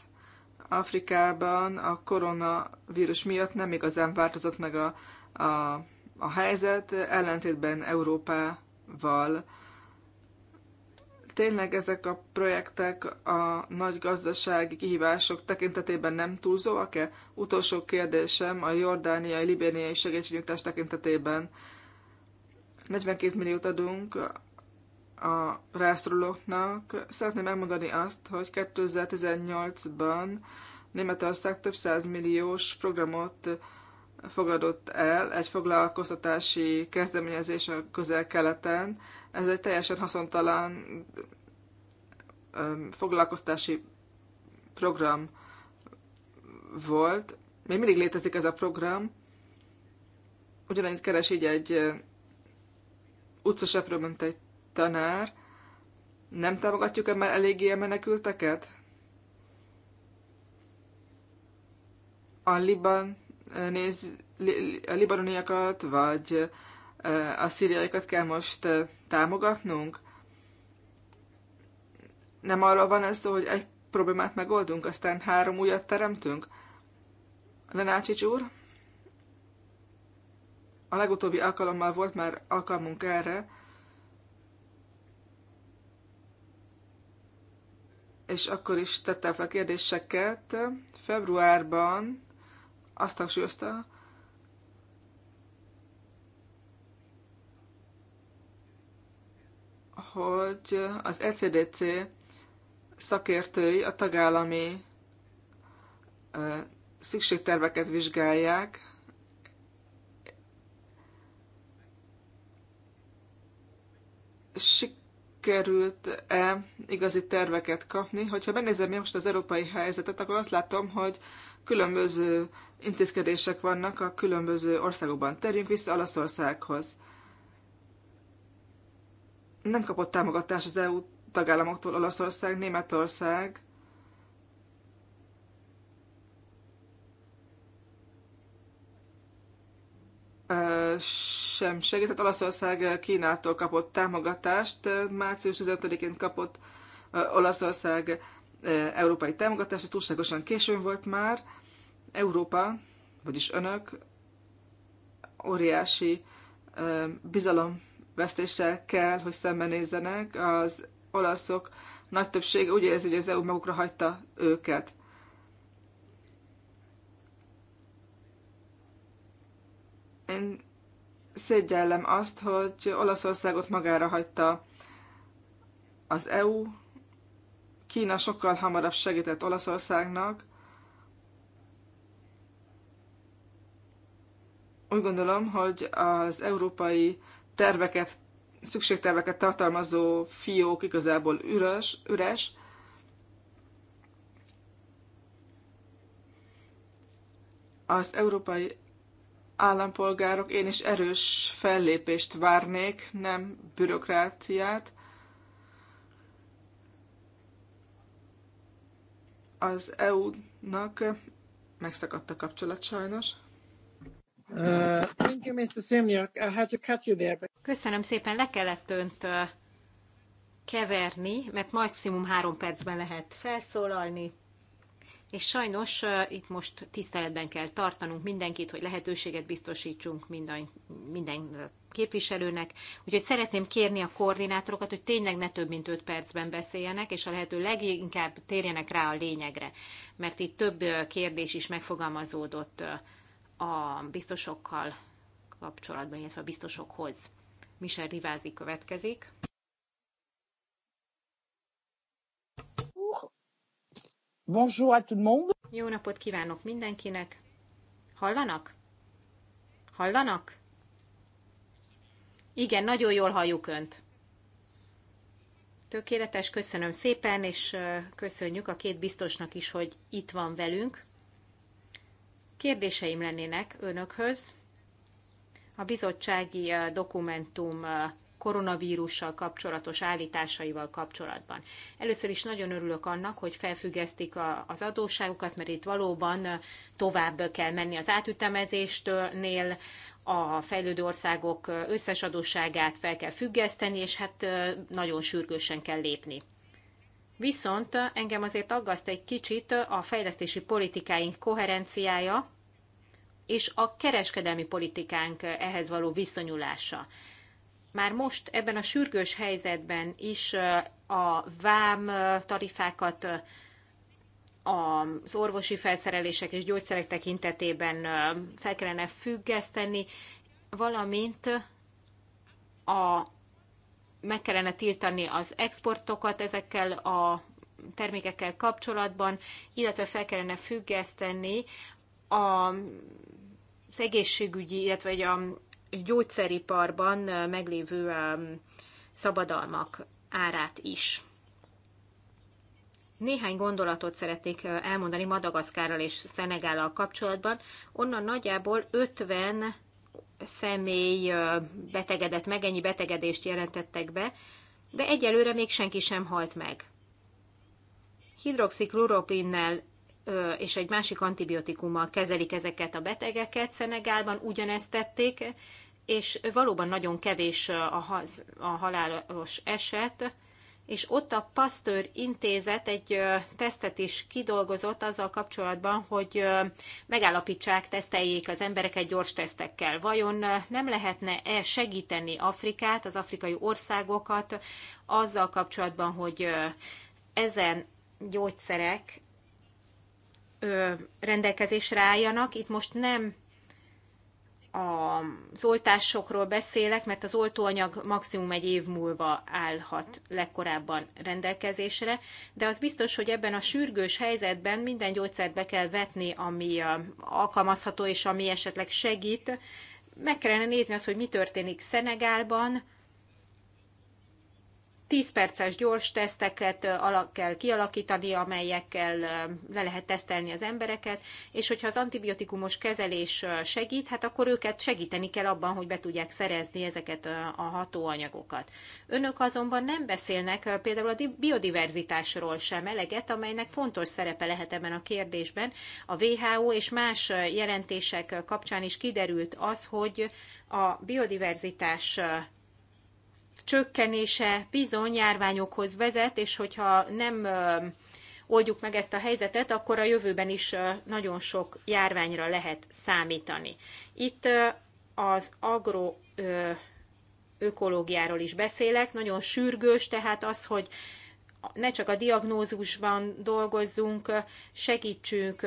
Afrikában a koronavírus miatt nem igazán változott meg a, a, a helyzet, ellentétben Európával tényleg ezek a projektek a nagy gazdasági kihívások tekintetében nem túlzóak-e? Utolsó kérdésem a jordániai, libériai segítségnyújtás tekintetében. 42 milliót adunk a rászorulóknak. Szeretném elmondani azt, hogy 2018-ban Németország több milliós programot fogadott el egy foglalkoztatási kezdeményezés a közel-keleten. Ez egy teljesen haszontalan foglalkoztási program volt. Még mindig létezik ez a program. Ugyanannyit keres így egy utcaseprő, mint egy tanár. Nem támogatjuk-e már eléggé a menekülteket? A Liban néz, a libanoniakat, vagy a szíriaikat kell most támogatnunk? Nem arról van ez szó, hogy egy problémát megoldunk, aztán három újat teremtünk? Lenácsics úr? A legutóbbi alkalommal volt már alkalmunk erre, és akkor is tettem fel kérdéseket. Februárban azt hangsúlyozta, hogy az ECDC szakértői a tagállami szükségterveket vizsgálják, sikerült-e igazi terveket kapni. Hogyha megnézem most az európai helyzetet, akkor azt látom, hogy különböző intézkedések vannak a különböző országokban. Terjünk vissza Olaszországhoz. Nem kapott támogatást az EU tagállamoktól Olaszország, Németország, sem segített. Olaszország Kínától kapott támogatást, március 15-én kapott Olaszország európai támogatás, ez túlságosan későn volt már. Európa, vagyis önök óriási bizalomvesztéssel kell, hogy szembenézzenek. Az olaszok nagy többsége úgy érzi, hogy az EU magukra hagyta őket. Én szégyellem azt, hogy Olaszországot magára hagyta az EU, Kína sokkal hamarabb segített Olaszországnak. Úgy gondolom, hogy az európai terveket, szükségterveket tartalmazó fiók igazából üres, üres. Az európai állampolgárok, én is erős fellépést várnék, nem bürokráciát. az EU-nak megszakadt a kapcsolat sajnos. Uh, thank you, Mr. I had to cut you there. But... Köszönöm szépen, le kellett önt uh, keverni, mert maximum három percben lehet felszólalni. És sajnos uh, itt most tiszteletben kell tartanunk mindenkit, hogy lehetőséget biztosítsunk minden, minden képviselőnek, úgyhogy szeretném kérni a koordinátorokat, hogy tényleg ne több mint 5 percben beszéljenek, és a lehető leginkább térjenek rá a lényegre, mert itt több kérdés is megfogalmazódott a biztosokkal kapcsolatban, illetve a biztosokhoz. Michel Rivázi következik. Bonjour à tout le monde. Jó napot kívánok mindenkinek! Hallanak? Hallanak? Igen, nagyon jól halljuk Önt. Tökéletes, köszönöm szépen, és köszönjük a két biztosnak is, hogy itt van velünk. Kérdéseim lennének Önökhöz. A bizottsági dokumentum koronavírussal kapcsolatos állításaival kapcsolatban. Először is nagyon örülök annak, hogy felfüggesztik az adósságukat, mert itt valóban tovább kell menni az átütemezéstől, a fejlődő országok összes adósságát fel kell függeszteni, és hát nagyon sürgősen kell lépni. Viszont engem azért aggaszt egy kicsit a fejlesztési politikáink koherenciája és a kereskedelmi politikánk ehhez való viszonyulása. Már most ebben a sürgős helyzetben is a vám tarifákat az orvosi felszerelések és gyógyszerek tekintetében fel kellene függeszteni, valamint a, meg kellene tiltani az exportokat ezekkel a termékekkel kapcsolatban, illetve fel kellene függeszteni a, az egészségügyi, illetve a gyógyszeriparban meglévő szabadalmak árát is. Néhány gondolatot szeretnék elmondani Madagaszkárral és Szenegállal kapcsolatban. Onnan nagyjából 50 személy betegedett meg, ennyi betegedést jelentettek be, de egyelőre még senki sem halt meg. Hidroxikluropinnel és egy másik antibiotikummal kezelik ezeket a betegeket. Szenegálban ugyanezt tették, és valóban nagyon kevés a, haz, a halálos eset és ott a Pasteur Intézet egy tesztet is kidolgozott azzal kapcsolatban, hogy megállapítsák, teszteljék az embereket gyors tesztekkel. Vajon nem lehetne-e segíteni Afrikát, az afrikai országokat azzal kapcsolatban, hogy ezen gyógyszerek rendelkezésre álljanak? Itt most nem az oltásokról beszélek, mert az oltóanyag maximum egy év múlva állhat legkorábban rendelkezésre, de az biztos, hogy ebben a sürgős helyzetben minden gyógyszert be kell vetni, ami alkalmazható és ami esetleg segít. Meg kellene nézni azt, hogy mi történik Szenegálban, 10 perces gyors teszteket alak kell kialakítani, amelyekkel le lehet tesztelni az embereket, és hogyha az antibiotikumos kezelés segít, hát akkor őket segíteni kell abban, hogy be tudják szerezni ezeket a hatóanyagokat. Önök azonban nem beszélnek például a biodiverzitásról sem eleget, amelynek fontos szerepe lehet ebben a kérdésben. A WHO és más jelentések kapcsán is kiderült az, hogy a biodiverzitás csökkenése bizony járványokhoz vezet, és hogyha nem oldjuk meg ezt a helyzetet, akkor a jövőben is nagyon sok járványra lehet számítani. Itt az agro ökológiáról is beszélek, nagyon sürgős, tehát az, hogy ne csak a diagnózusban dolgozzunk, segítsünk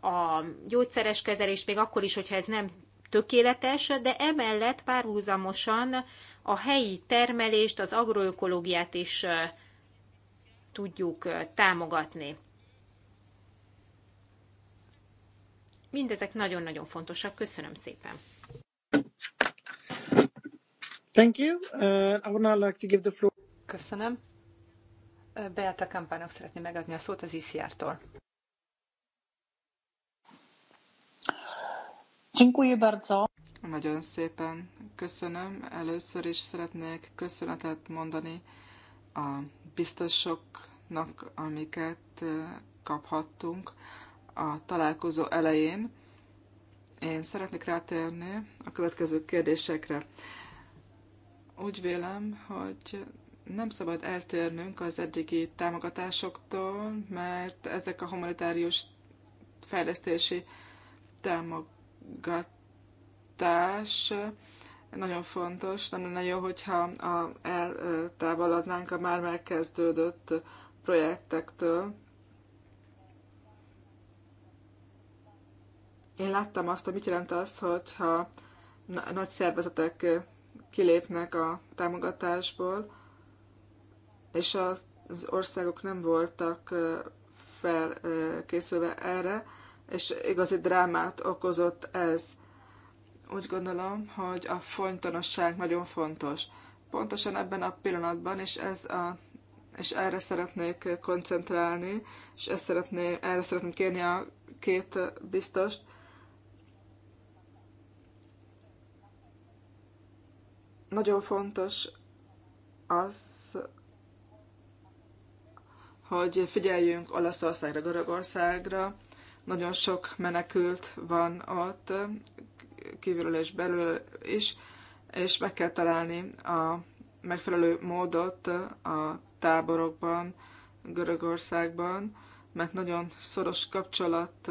a gyógyszeres kezelést, még akkor is, hogyha ez nem tökéletes, de emellett párhuzamosan a helyi termelést, az agroökológiát is tudjuk támogatni. Mindezek nagyon-nagyon fontosak. Köszönöm szépen. Thank you. Uh, I would now like to give the floor. Köszönöm. Beata Kampának szeretné megadni a szót az ICR-tól. Dziękuję bardzo. Nagyon szépen köszönöm. Először is szeretnék köszönetet mondani a biztosoknak, amiket kaphattunk a találkozó elején. Én szeretnék rátérni a következő kérdésekre. Úgy vélem, hogy nem szabad eltérnünk az eddigi támogatásoktól, mert ezek a humanitárius fejlesztési támogatások mobilitás nagyon fontos, nem lenne jó, hogyha a, eltávolodnánk a már megkezdődött projektektől. Én láttam azt, hogy mit jelent az, hogyha nagy szervezetek kilépnek a támogatásból, és az, az országok nem voltak felkészülve erre, és igazi drámát okozott ez úgy gondolom, hogy a folytonosság nagyon fontos. Pontosan ebben a pillanatban, és, ez a, és erre szeretnék koncentrálni, és ezt szeretném, erre szeretném kérni a két biztost, nagyon fontos az, hogy figyeljünk Olaszországra, Görögországra. Nagyon sok menekült van ott, kívülről és belül is, és meg kell találni a megfelelő módot a táborokban, Görögországban, mert nagyon szoros kapcsolat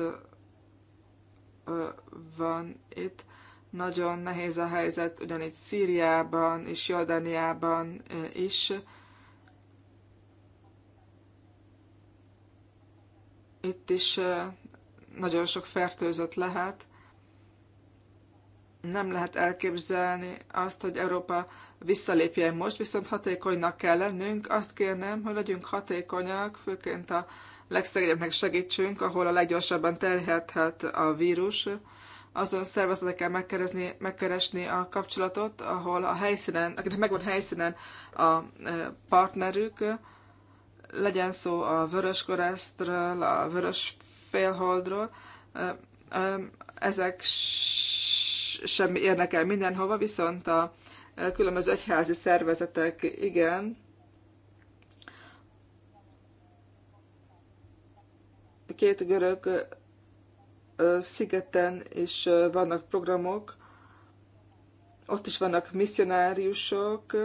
van itt. Nagyon nehéz a helyzet, ugyanígy Szíriában és Jordániában is. Itt is nagyon sok fertőzött lehet, nem lehet elképzelni azt, hogy Európa visszalépjen most, viszont hatékonynak kell lennünk. Azt kérném, hogy legyünk hatékonyak, főként a legszegényebbnek segítsünk, ahol a leggyorsabban terhethet a vírus. Azon szervezetekkel megkeresni, megkeresni a kapcsolatot, ahol a helyszínen, akinek megvan helyszínen a e, partnerük, legyen szó a vörös koresztről, a vörös félholdról, e, e, ezek sem érnek el mindenhova, viszont a eh, különböző egyházi szervezetek igen. Két görög eh, eh, szigeten is vannak programok, ott is vannak misszionáriusok,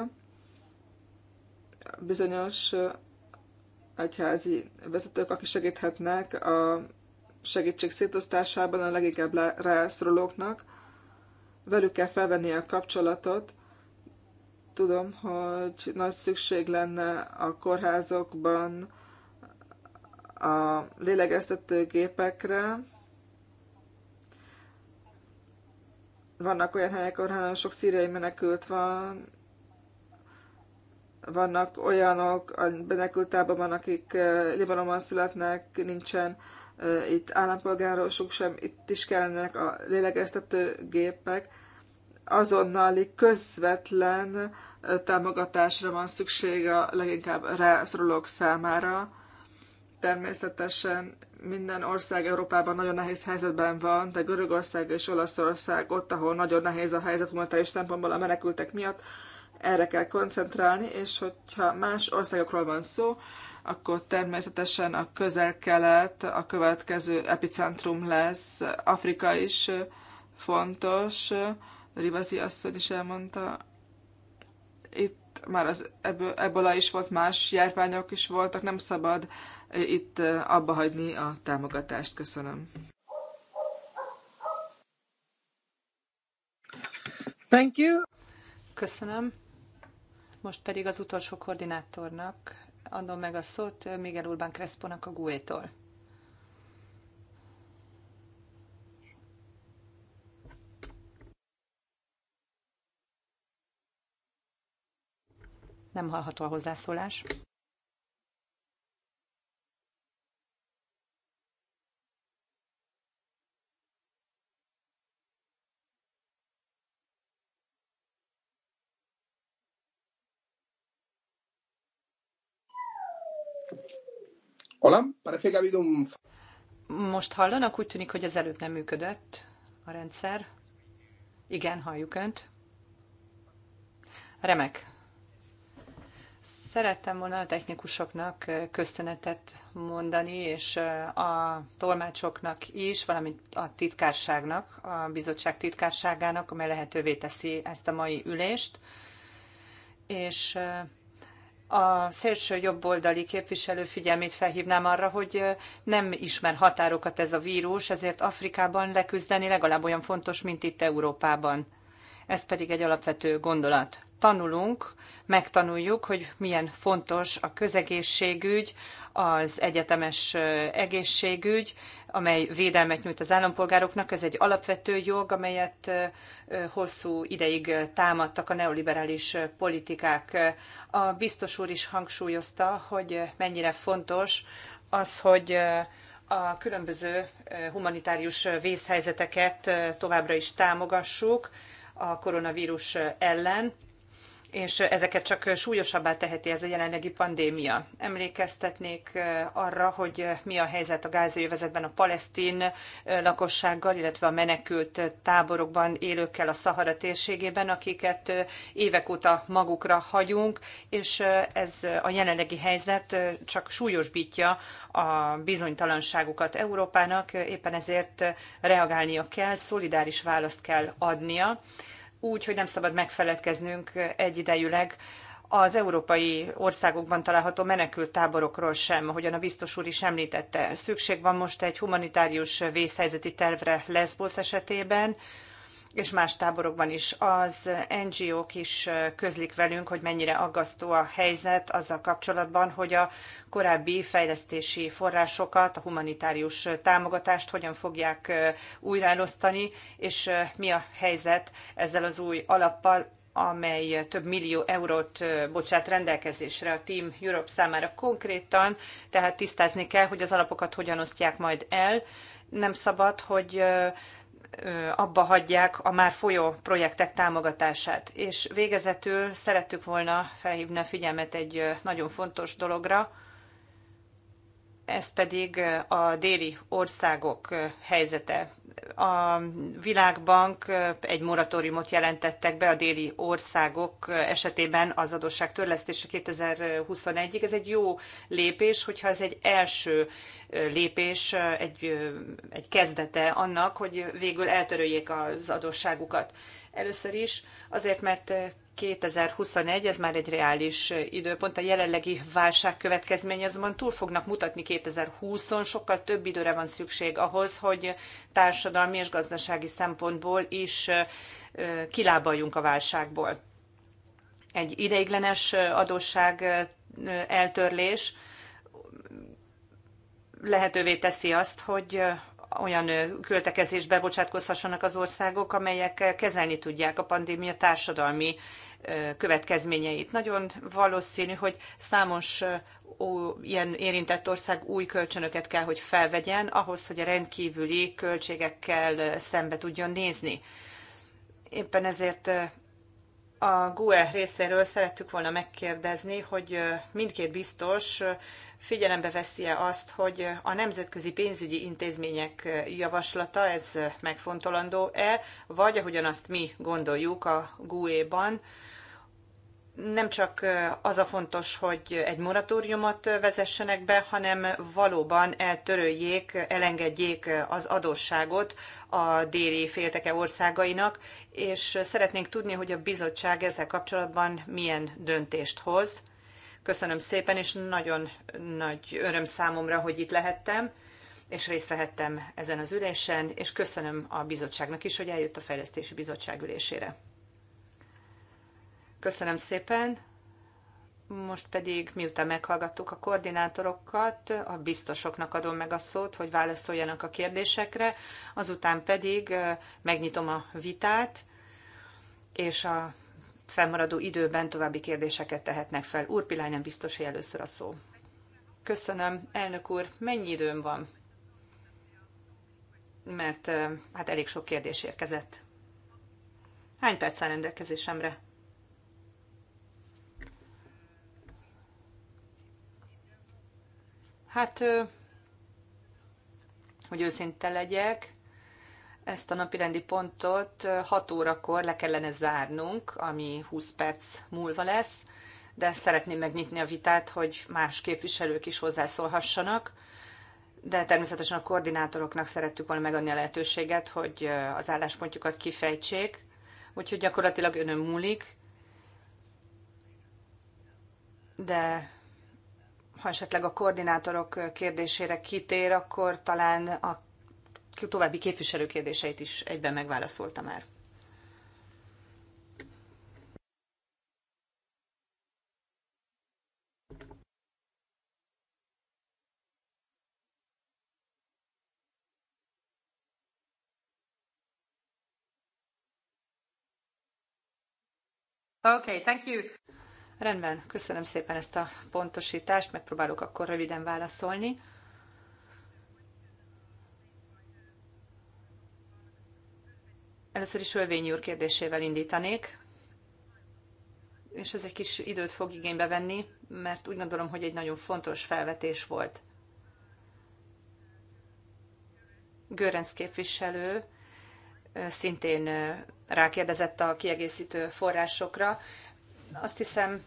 bizonyos egyházi vezetők, akik segíthetnek a segítség szétosztásában a leginkább rászorulóknak velük kell felvenni a kapcsolatot. Tudom, hogy nagy szükség lenne a kórházokban a lélegeztetőgépekre. Vannak olyan helyek, ahol nagyon sok szíriai menekült van, vannak olyanok, a menekültában van, akik eh, Libanonban születnek, nincsen itt állampolgárosunk sem, itt is kellenek a gépek, azonnali, közvetlen támogatásra van szükség a leginkább rászorulók számára. Természetesen minden ország Európában nagyon nehéz helyzetben van, de Görögország és Olaszország ott, ahol nagyon nehéz a helyzet humanitárius szempontból a menekültek miatt, erre kell koncentrálni, és hogyha más országokról van szó, akkor természetesen a közel-kelet a következő epicentrum lesz. Afrika is fontos, Rivazi asszony is elmondta. Itt már az ebola is volt, más járványok is voltak, nem szabad itt abba hagyni a támogatást. Köszönöm. Thank you. Köszönöm. Most pedig az utolsó koordinátornak, adom meg a szót Miguel Urbán Crespo-nak a GUE-tól. Nem hallható a hozzászólás. Parece que ha habido un... Most hallanak? Úgy tűnik, hogy az előbb nem működött a rendszer. Igen, halljuk Önt. Remek. Szerettem volna a technikusoknak eh, köszönetet mondani, és eh, a tolmácsoknak is, valamint a titkárságnak, a bizottság titkárságának, amely lehetővé teszi ezt a mai ülést. És eh, a szélső jobboldali képviselő figyelmét felhívnám arra, hogy nem ismer határokat ez a vírus, ezért Afrikában leküzdeni legalább olyan fontos, mint itt Európában. Ez pedig egy alapvető gondolat. Tanulunk, megtanuljuk, hogy milyen fontos a közegészségügy, az egyetemes egészségügy, amely védelmet nyújt az állampolgároknak. Ez egy alapvető jog, amelyet hosszú ideig támadtak a neoliberális politikák. A biztos úr is hangsúlyozta, hogy mennyire fontos az, hogy a különböző humanitárius vészhelyzeteket továbbra is támogassuk, a koronavírus ellen, és ezeket csak súlyosabbá teheti ez a jelenlegi pandémia. Emlékeztetnék arra, hogy mi a helyzet a gázőjövezetben a palesztin lakossággal, illetve a menekült táborokban élőkkel a Szahara térségében, akiket évek óta magukra hagyunk, és ez a jelenlegi helyzet csak súlyosbítja a bizonytalanságukat Európának, éppen ezért reagálnia kell, szolidáris választ kell adnia úgy, hogy nem szabad megfeledkeznünk egyidejűleg az európai országokban található menekült táborokról sem, ahogyan a biztos úr is említette. Szükség van most egy humanitárius vészhelyzeti tervre Lesbos esetében, és más táborokban is. Az NGO-k is közlik velünk, hogy mennyire aggasztó a helyzet azzal kapcsolatban, hogy a korábbi fejlesztési forrásokat, a humanitárius támogatást hogyan fogják újraelosztani, és mi a helyzet ezzel az új alappal, amely több millió eurót bocsát rendelkezésre a Team Europe számára konkrétan, tehát tisztázni kell, hogy az alapokat hogyan osztják majd el. Nem szabad, hogy abba hagyják a már folyó projektek támogatását. És végezetül szerettük volna felhívni a figyelmet egy nagyon fontos dologra, ez pedig a déli országok helyzete a Világbank egy moratóriumot jelentettek be a déli országok esetében az adósság törlesztése 2021-ig. Ez egy jó lépés, hogyha ez egy első lépés, egy, egy kezdete annak, hogy végül eltöröljék az adósságukat. Először is azért, mert 2021, ez már egy reális időpont, a jelenlegi válság következménye azonban túl fognak mutatni 2020-on, sokkal több időre van szükség ahhoz, hogy társadalmi és gazdasági szempontból is kilábaljunk a válságból. Egy ideiglenes adósság eltörlés lehetővé teszi azt, hogy olyan költekezésbe bocsátkozhassanak az országok, amelyek kezelni tudják a pandémia társadalmi következményeit. Nagyon valószínű, hogy számos ilyen érintett ország új kölcsönöket kell, hogy felvegyen, ahhoz, hogy a rendkívüli költségekkel szembe tudjon nézni. Éppen ezért a GUE részéről szerettük volna megkérdezni, hogy mindkét biztos figyelembe veszi-e azt, hogy a nemzetközi pénzügyi intézmények javaslata, ez megfontolandó-e, vagy ahogyan azt mi gondoljuk a GUE-ban, nem csak az a fontos, hogy egy moratóriumot vezessenek be, hanem valóban eltöröljék, elengedjék az adósságot a déli félteke országainak, és szeretnénk tudni, hogy a bizottság ezzel kapcsolatban milyen döntést hoz. Köszönöm szépen, és nagyon nagy öröm számomra, hogy itt lehettem, és részt vehettem ezen az ülésen, és köszönöm a bizottságnak is, hogy eljött a Fejlesztési Bizottság ülésére. Köszönöm szépen. Most pedig, miután meghallgattuk a koordinátorokat, a biztosoknak adom meg a szót, hogy válaszoljanak a kérdésekre, azután pedig megnyitom a vitát, és a fennmaradó időben további kérdéseket tehetnek fel. Úr Pilány nem biztos, hogy először a szó. Köszönöm, elnök úr. Mennyi időm van? Mert hát elég sok kérdés érkezett. Hány perc rendelkezésemre? Hát, hogy őszinte legyek, ezt a napi rendi pontot 6 órakor le kellene zárnunk, ami 20 perc múlva lesz, de szeretném megnyitni a vitát, hogy más képviselők is hozzászólhassanak de természetesen a koordinátoroknak szerettük volna megadni a lehetőséget, hogy az álláspontjukat kifejtsék, úgyhogy gyakorlatilag önöm múlik, de ha esetleg a koordinátorok kérdésére kitér, akkor talán a további képviselő kérdéseit is egyben megválaszolta már. Okay, thank you. Rendben, köszönöm szépen ezt a pontosítást, megpróbálok akkor röviden válaszolni. Először is Ölvény úr kérdésével indítanék, és ez egy kis időt fog igénybe venni, mert úgy gondolom, hogy egy nagyon fontos felvetés volt. Görenc képviselő szintén rákérdezett a kiegészítő forrásokra. Azt hiszem,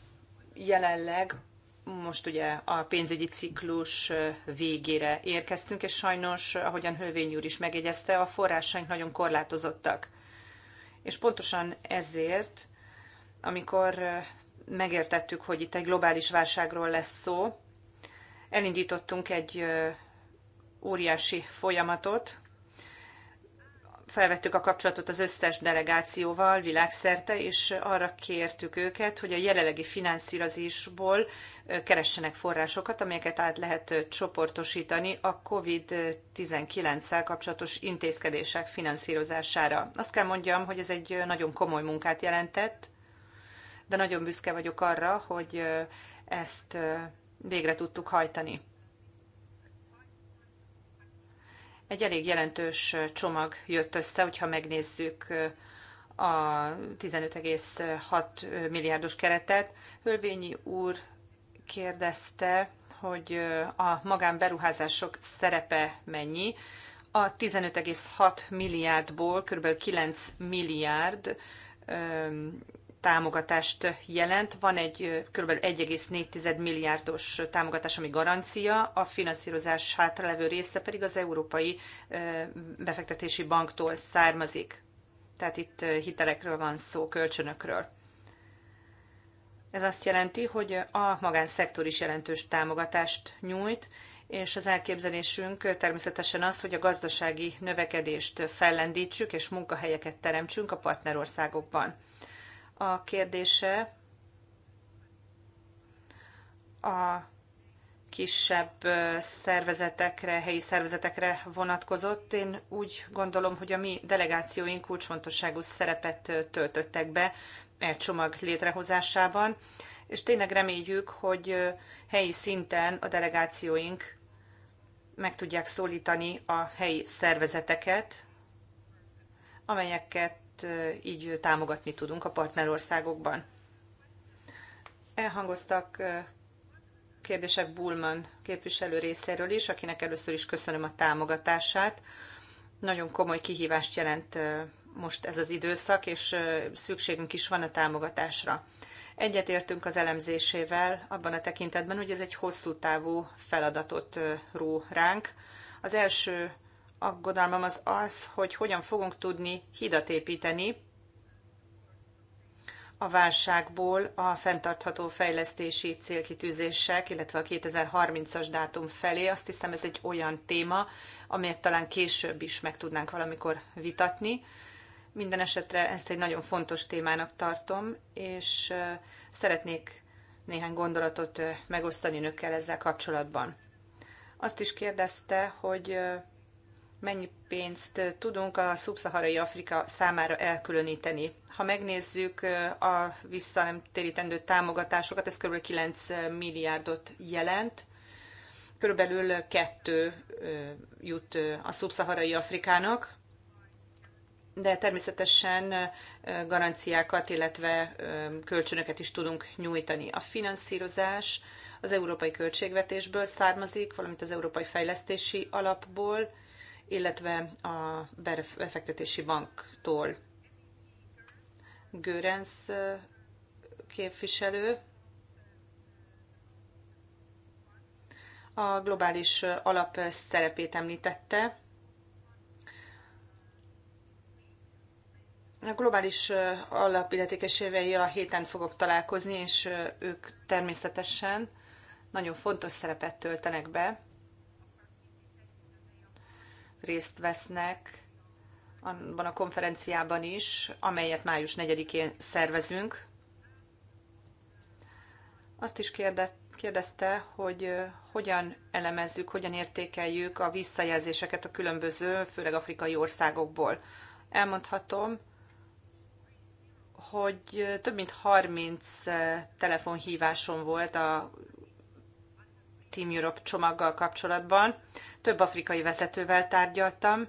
jelenleg most ugye a pénzügyi ciklus végére érkeztünk, és sajnos, ahogyan Hölvény úr is megjegyezte, a forrásaink nagyon korlátozottak. És pontosan ezért, amikor megértettük, hogy itt egy globális válságról lesz szó, elindítottunk egy óriási folyamatot, felvettük a kapcsolatot az összes delegációval világszerte, és arra kértük őket, hogy a jelenlegi finanszírozásból keressenek forrásokat, amelyeket át lehet csoportosítani a COVID-19-szel kapcsolatos intézkedések finanszírozására. Azt kell mondjam, hogy ez egy nagyon komoly munkát jelentett, de nagyon büszke vagyok arra, hogy ezt végre tudtuk hajtani. Egy elég jelentős csomag jött össze, hogyha megnézzük a 15,6 milliárdos keretet. Hölvényi úr kérdezte, hogy a magánberuházások szerepe mennyi. A 15,6 milliárdból kb. 9 milliárd támogatást jelent. Van egy kb. 1,4 milliárdos támogatás, ami garancia, a finanszírozás hátralevő része pedig az Európai Befektetési Banktól származik. Tehát itt hitelekről van szó, kölcsönökről. Ez azt jelenti, hogy a magánszektor is jelentős támogatást nyújt, és az elképzelésünk természetesen az, hogy a gazdasági növekedést fellendítsük és munkahelyeket teremtsünk a partnerországokban a kérdése a kisebb szervezetekre, helyi szervezetekre vonatkozott. Én úgy gondolom, hogy a mi delegációink kulcsfontosságú szerepet töltöttek be e csomag létrehozásában, és tényleg reméljük, hogy helyi szinten a delegációink meg tudják szólítani a helyi szervezeteket, amelyeket így támogatni tudunk a partnerországokban. Elhangoztak kérdések Bulman képviselő részéről is, akinek először is köszönöm a támogatását. Nagyon komoly kihívást jelent most ez az időszak, és szükségünk is van a támogatásra. Egyetértünk az elemzésével abban a tekintetben, hogy ez egy hosszú távú feladatot ró ránk. Az első aggodalmam az az, hogy hogyan fogunk tudni hidat építeni a válságból a fenntartható fejlesztési célkitűzések, illetve a 2030-as dátum felé. Azt hiszem ez egy olyan téma, amelyet talán később is meg tudnánk valamikor vitatni. Minden esetre ezt egy nagyon fontos témának tartom, és szeretnék néhány gondolatot megosztani önökkel ezzel kapcsolatban. Azt is kérdezte, hogy mennyi pénzt tudunk a szubszaharai Afrika számára elkülöníteni. Ha megnézzük a vissza nem térítendő támogatásokat, ez kb. 9 milliárdot jelent. Körülbelül kettő jut a szubszaharai Afrikának, de természetesen garanciákat, illetve kölcsönöket is tudunk nyújtani. A finanszírozás az európai költségvetésből származik, valamint az európai fejlesztési alapból, illetve a befektetési banktól. Görens képviselő a globális alap szerepét említette. A globális alap illetékesével a héten fogok találkozni, és ők természetesen nagyon fontos szerepet töltenek be részt vesznek abban a konferenciában is, amelyet május 4-én szervezünk. Azt is kérdett, kérdezte, hogy hogyan elemezzük, hogyan értékeljük a visszajelzéseket a különböző, főleg afrikai országokból. Elmondhatom, hogy több mint 30 telefonhívásom volt a Team Europe csomaggal kapcsolatban. Több afrikai vezetővel tárgyaltam,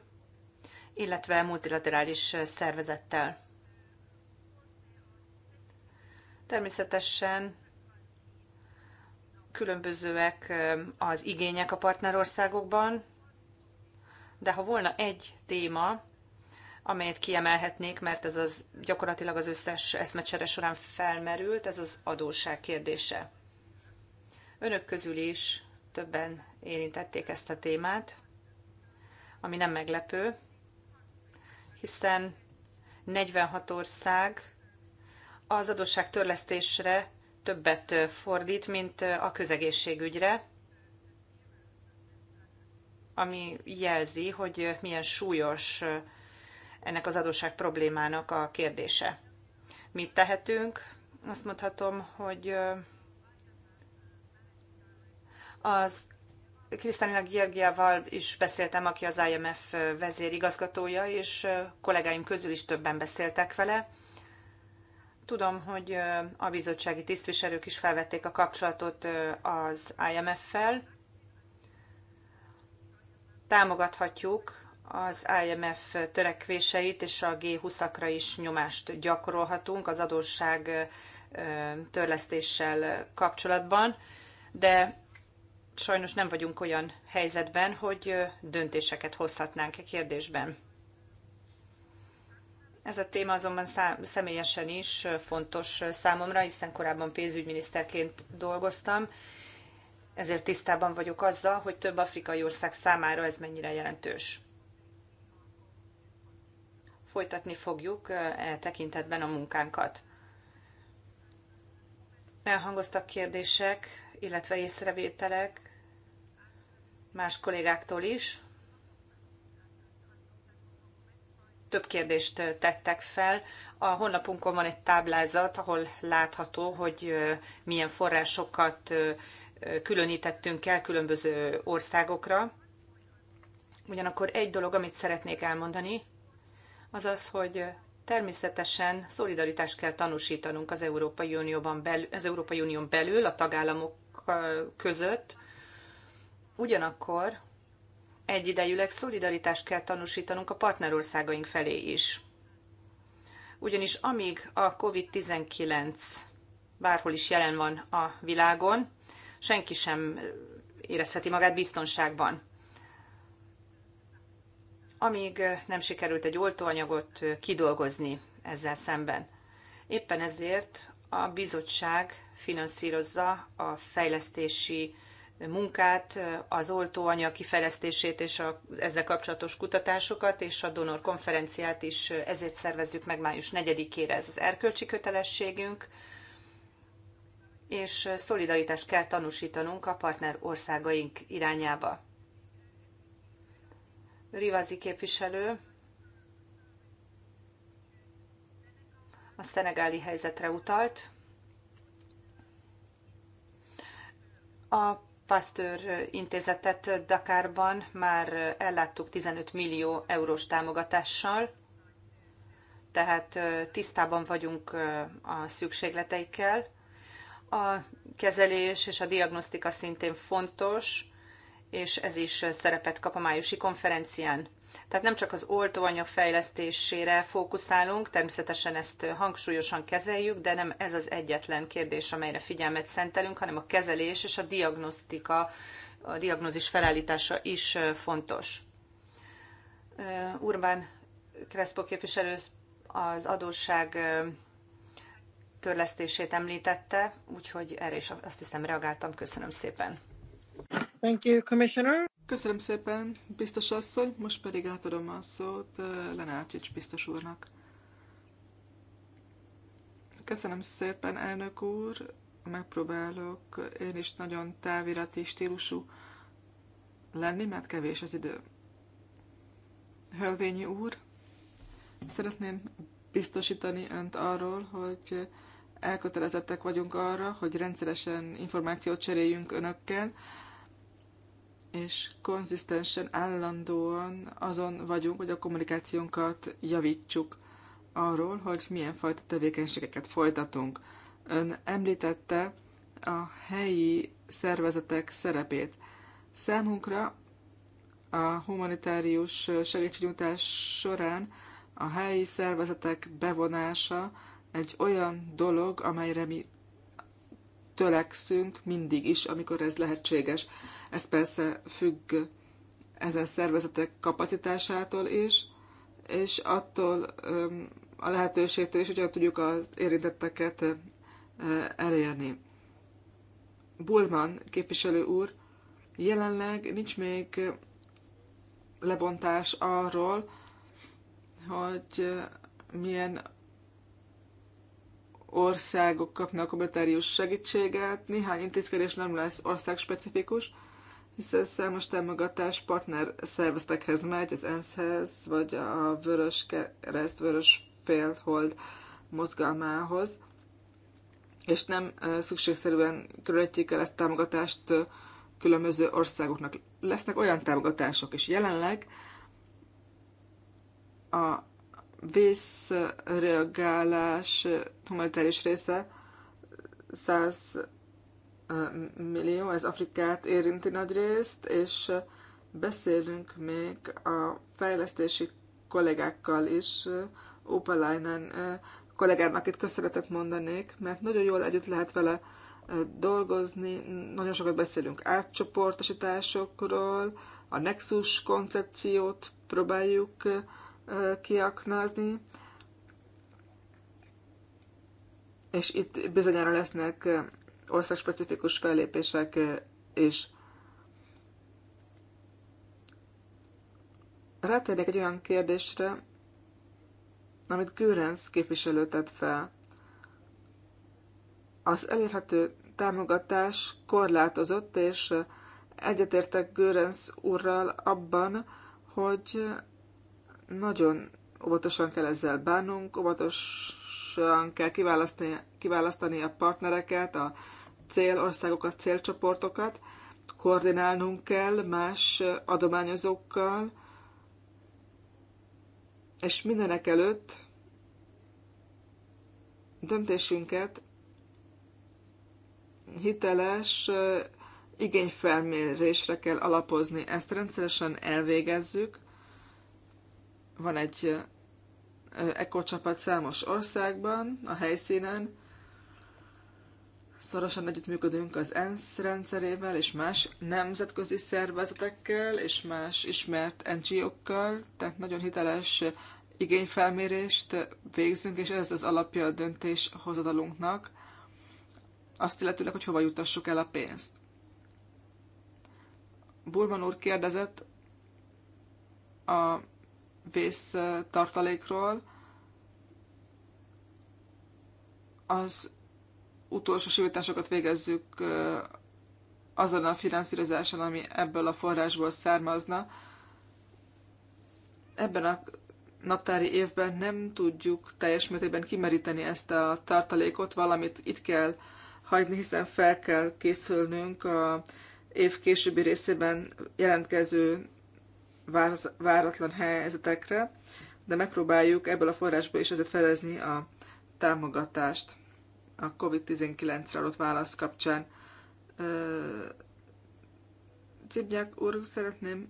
illetve multilaterális szervezettel. Természetesen különbözőek az igények a partnerországokban, de ha volna egy téma, amelyet kiemelhetnék, mert ez az gyakorlatilag az összes eszmecsere során felmerült, ez az adósság kérdése. Önök közül is többen érintették ezt a témát, ami nem meglepő, hiszen 46 ország az törlesztésre többet fordít, mint a közegészségügyre, ami jelzi, hogy milyen súlyos ennek az adósság problémának a kérdése. Mit tehetünk? Azt mondhatom, hogy az Krisztalina Georgiával is beszéltem, aki az IMF vezérigazgatója, és kollégáim közül is többen beszéltek vele. Tudom, hogy a bizottsági tisztviselők is felvették a kapcsolatot az IMF-fel. Támogathatjuk az IMF törekvéseit, és a G20-akra is nyomást gyakorolhatunk az adósság törlesztéssel kapcsolatban, de sajnos nem vagyunk olyan helyzetben, hogy döntéseket hozhatnánk e kérdésben. Ez a téma azonban személyesen is fontos számomra, hiszen korábban pénzügyminiszterként dolgoztam, ezért tisztában vagyok azzal, hogy több afrikai ország számára ez mennyire jelentős. Folytatni fogjuk e tekintetben a munkánkat. Elhangoztak kérdések illetve észrevételek más kollégáktól is. Több kérdést tettek fel. A honlapunkon van egy táblázat, ahol látható, hogy milyen forrásokat különítettünk el különböző országokra. Ugyanakkor egy dolog, amit szeretnék elmondani, az az, hogy természetesen szolidaritást kell tanúsítanunk az Európai Unióban belül, az Európai Unión belül a tagállamok között, ugyanakkor egyidejűleg szolidaritást kell tanúsítanunk a partnerországaink felé is. Ugyanis amíg a COVID-19 bárhol is jelen van a világon, senki sem érezheti magát biztonságban. Amíg nem sikerült egy oltóanyagot kidolgozni ezzel szemben. Éppen ezért a bizottság finanszírozza a fejlesztési munkát, az oltóanyag kifejlesztését és a, ezzel kapcsolatos kutatásokat, és a donor konferenciát is ezért szervezzük meg május 4-ére. Ez az erkölcsi kötelességünk, és szolidaritást kell tanúsítanunk a partner országaink irányába. Rivazi képviselő a szenegáli helyzetre utalt. A Pasteur intézetet Dakárban már elláttuk 15 millió eurós támogatással, tehát tisztában vagyunk a szükségleteikkel. A kezelés és a diagnosztika szintén fontos, és ez is szerepet kap a májusi konferencián. Tehát nem csak az oltóanyag fejlesztésére fókuszálunk, természetesen ezt hangsúlyosan kezeljük, de nem ez az egyetlen kérdés, amelyre figyelmet szentelünk, hanem a kezelés és a diagnosztika, a diagnózis felállítása is fontos. Urbán Kreszpó képviselő az adósság törlesztését említette, úgyhogy erre is azt hiszem reagáltam. Köszönöm szépen. Thank you, Commissioner. Köszönöm szépen, biztos asszony, most pedig átadom a szót Lenácsics biztos úrnak. Köszönöm szépen, elnök úr, megpróbálok én is nagyon távirati stílusú lenni, mert kevés az idő. Hölvényi úr, szeretném biztosítani önt arról, hogy elkötelezettek vagyunk arra, hogy rendszeresen információt cseréljünk önökkel, és konzisztensen, állandóan azon vagyunk, hogy a kommunikációnkat javítsuk arról, hogy milyen fajta tevékenységeket folytatunk. Ön említette a helyi szervezetek szerepét. Számunkra a humanitárius segítségnyújtás során a helyi szervezetek bevonása egy olyan dolog, amelyre mi tölekszünk mindig is, amikor ez lehetséges. Ez persze függ ezen szervezetek kapacitásától is, és attól a lehetőségtől is, hogyan tudjuk az érintetteket elérni. Bulman képviselő úr, jelenleg nincs még lebontás arról, hogy milyen országok kapnak a betárius segítséget, néhány intézkedés nem lesz országspecifikus, specifikus, hiszen számos támogatás partner szervezetekhez megy, az ENSZ-hez, vagy a Vörös Kereszt, Vörös Félhold mozgalmához, és nem szükségszerűen különítjük el ezt támogatást különböző országoknak. Lesznek olyan támogatások is. Jelenleg a vészreagálás humanitárius része 100 millió, ez Afrikát érinti nagy részt, és beszélünk még a fejlesztési kollégákkal is, Opalainen kollégának itt köszönetet mondanék, mert nagyon jól együtt lehet vele dolgozni, nagyon sokat beszélünk átcsoportosításokról, a nexus koncepciót próbáljuk kiaknázni, és itt bizonyára lesznek országspecifikus fellépések is. Eh, rátérnék egy olyan kérdésre, amit Gőrenc képviselő tett fel. Az elérhető támogatás korlátozott, és egyetértek Gőrenc úrral abban, hogy nagyon óvatosan kell ezzel bánnunk, óvatosan kell kiválasztani, kiválasztani a partnereket, a célországokat, célcsoportokat, koordinálnunk kell más adományozókkal, és mindenek előtt döntésünket hiteles igényfelmérésre kell alapozni. Ezt rendszeresen elvégezzük. Van egy ekocsapat számos országban, a helyszínen, Szorosan együttműködünk az ENSZ rendszerével és más nemzetközi szervezetekkel és más ismert NGO-kkal, tehát nagyon hiteles igényfelmérést végzünk, és ez az alapja a döntéshozatalunknak, azt illetőleg, hogy hova jutassuk el a pénzt. Bulman úr kérdezett a vésztartalékról. Az utolsó simításokat végezzük azon a finanszírozáson, ami ebből a forrásból származna. Ebben a naptári évben nem tudjuk teljes mértékben kimeríteni ezt a tartalékot, valamit itt kell hagyni, hiszen fel kell készülnünk a év későbbi részében jelentkező váratlan helyzetekre, de megpróbáljuk ebből a forrásból is azért felezni a támogatást a COVID-19-re adott válasz kapcsán. Cibnyák úr, szeretném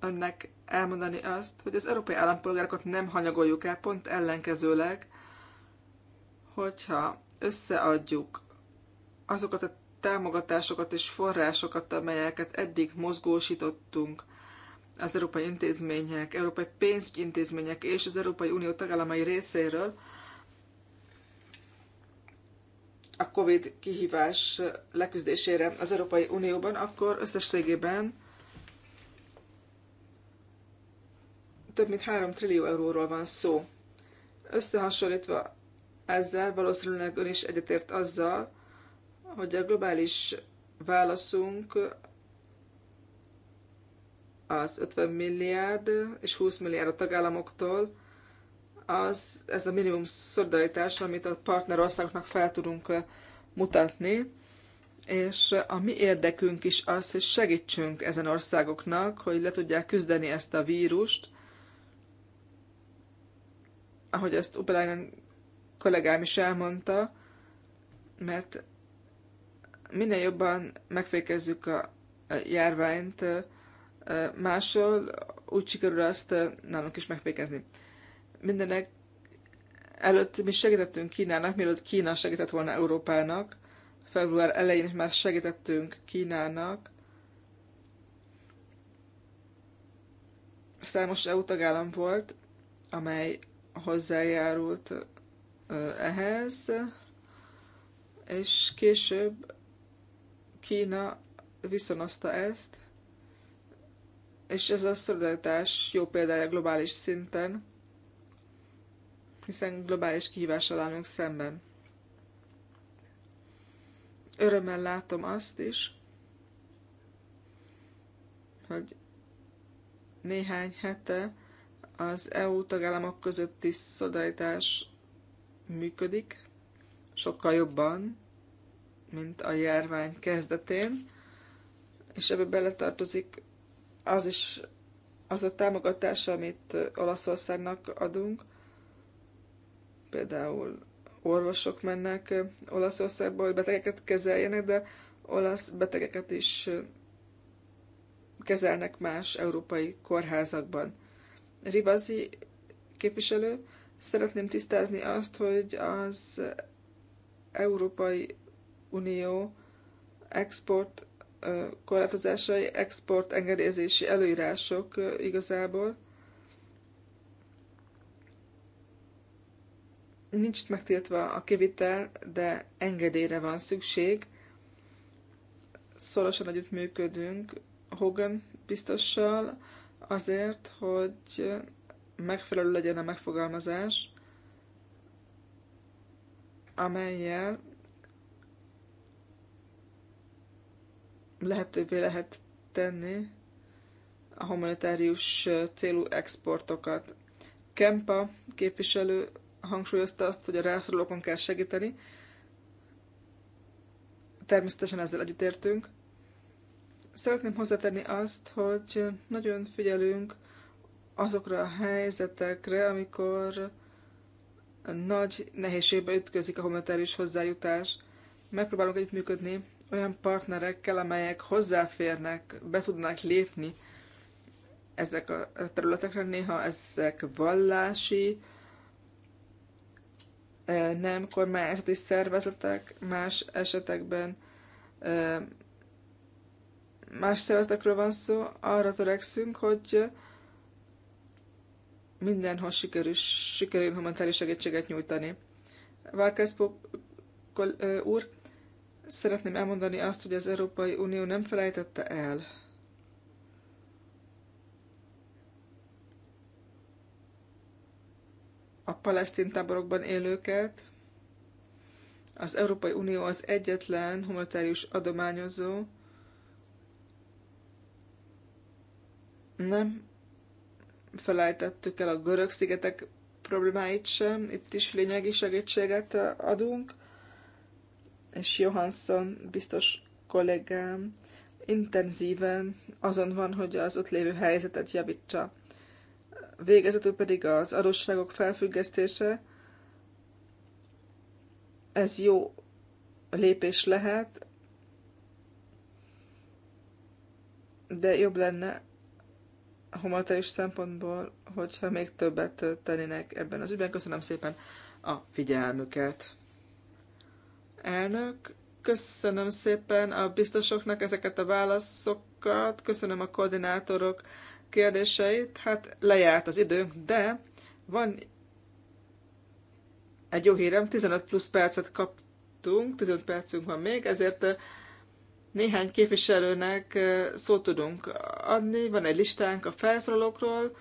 önnek elmondani azt, hogy az európai állampolgárokat nem hanyagoljuk el, pont ellenkezőleg, hogyha összeadjuk azokat a támogatásokat és forrásokat, amelyeket eddig mozgósítottunk az európai intézmények, európai pénzügyintézmények és az Európai Unió tagállamai részéről, a COVID kihívás leküzdésére az Európai Unióban, akkor összességében több mint 3 trillió euróról van szó. Összehasonlítva ezzel valószínűleg ön is egyetért azzal, hogy a globális válaszunk az 50 milliárd és 20 milliárd a tagállamoktól, az, ez a minimum szolidaritás, amit a partnerországoknak fel tudunk mutatni, és a mi érdekünk is az, hogy segítsünk ezen országoknak, hogy le tudják küzdeni ezt a vírust, ahogy ezt Ubelainen kollégám is elmondta, mert minél jobban megfékezzük a járványt máshol, úgy sikerül azt nálunk is megfékezni. Mindenek előtt mi segítettünk Kínának, mielőtt Kína segített volna Európának. Február elején is már segítettünk Kínának. Számos EU tagállam volt, amely hozzájárult ehhez, és később Kína viszonozta ezt, és ez a szolidaritás jó példája globális szinten hiszen globális kihívással állunk szemben. Örömmel látom azt is, hogy néhány hete az EU tagállamok közötti szolidaritás működik, sokkal jobban, mint a járvány kezdetén, és ebbe beletartozik az is az a támogatás, amit Olaszországnak adunk, például orvosok mennek Olaszországba, hogy betegeket kezeljenek, de olasz betegeket is kezelnek más európai kórházakban. Rivazi képviselő, szeretném tisztázni azt, hogy az Európai Unió export korlátozásai, export engedélyezési előírások igazából, nincs megtiltva a kivitel, de engedélyre van szükség. Szorosan együttműködünk Hogan biztossal azért, hogy megfelelő legyen a megfogalmazás, amelyel lehetővé lehet tenni a humanitárius célú exportokat. Kempa képviselő hangsúlyozta azt, hogy a rászorulókon kell segíteni. Természetesen ezzel együttértünk. Szeretném hozzátenni azt, hogy nagyon figyelünk azokra a helyzetekre, amikor nagy nehézségbe ütközik a humanitárius hozzájutás. Megpróbálunk együttműködni olyan partnerekkel, amelyek hozzáférnek, be tudnak lépni ezek a területekre. Néha ezek vallási nem kormányzati szervezetek, más esetekben más szervezetekről van szó, arra törekszünk, hogy mindenhol sikerül, sikerül humanitári segítséget nyújtani. Várkászpó úr, szeretném elmondani azt, hogy az Európai Unió nem felejtette el a palesztin táborokban élőket. Az Európai Unió az egyetlen humanitárius adományozó. Nem felejtettük el a görög szigetek problémáit sem, itt is lényegi segítséget adunk, és Johansson biztos kollégám intenzíven azon van, hogy az ott lévő helyzetet javítsa végezetül pedig az adósságok felfüggesztése. Ez jó lépés lehet, de jobb lenne humanitárius szempontból, hogyha még többet tennének ebben az ügyben. Köszönöm szépen a figyelmüket. Elnök, köszönöm szépen a biztosoknak ezeket a válaszokat, köszönöm a koordinátorok kérdéseit. Hát lejárt az idő, de van egy jó hírem, 15 plusz percet kaptunk, 15 percünk van még, ezért eh, néhány képviselőnek eh, szót tudunk adni, van egy listánk a felszólalókról,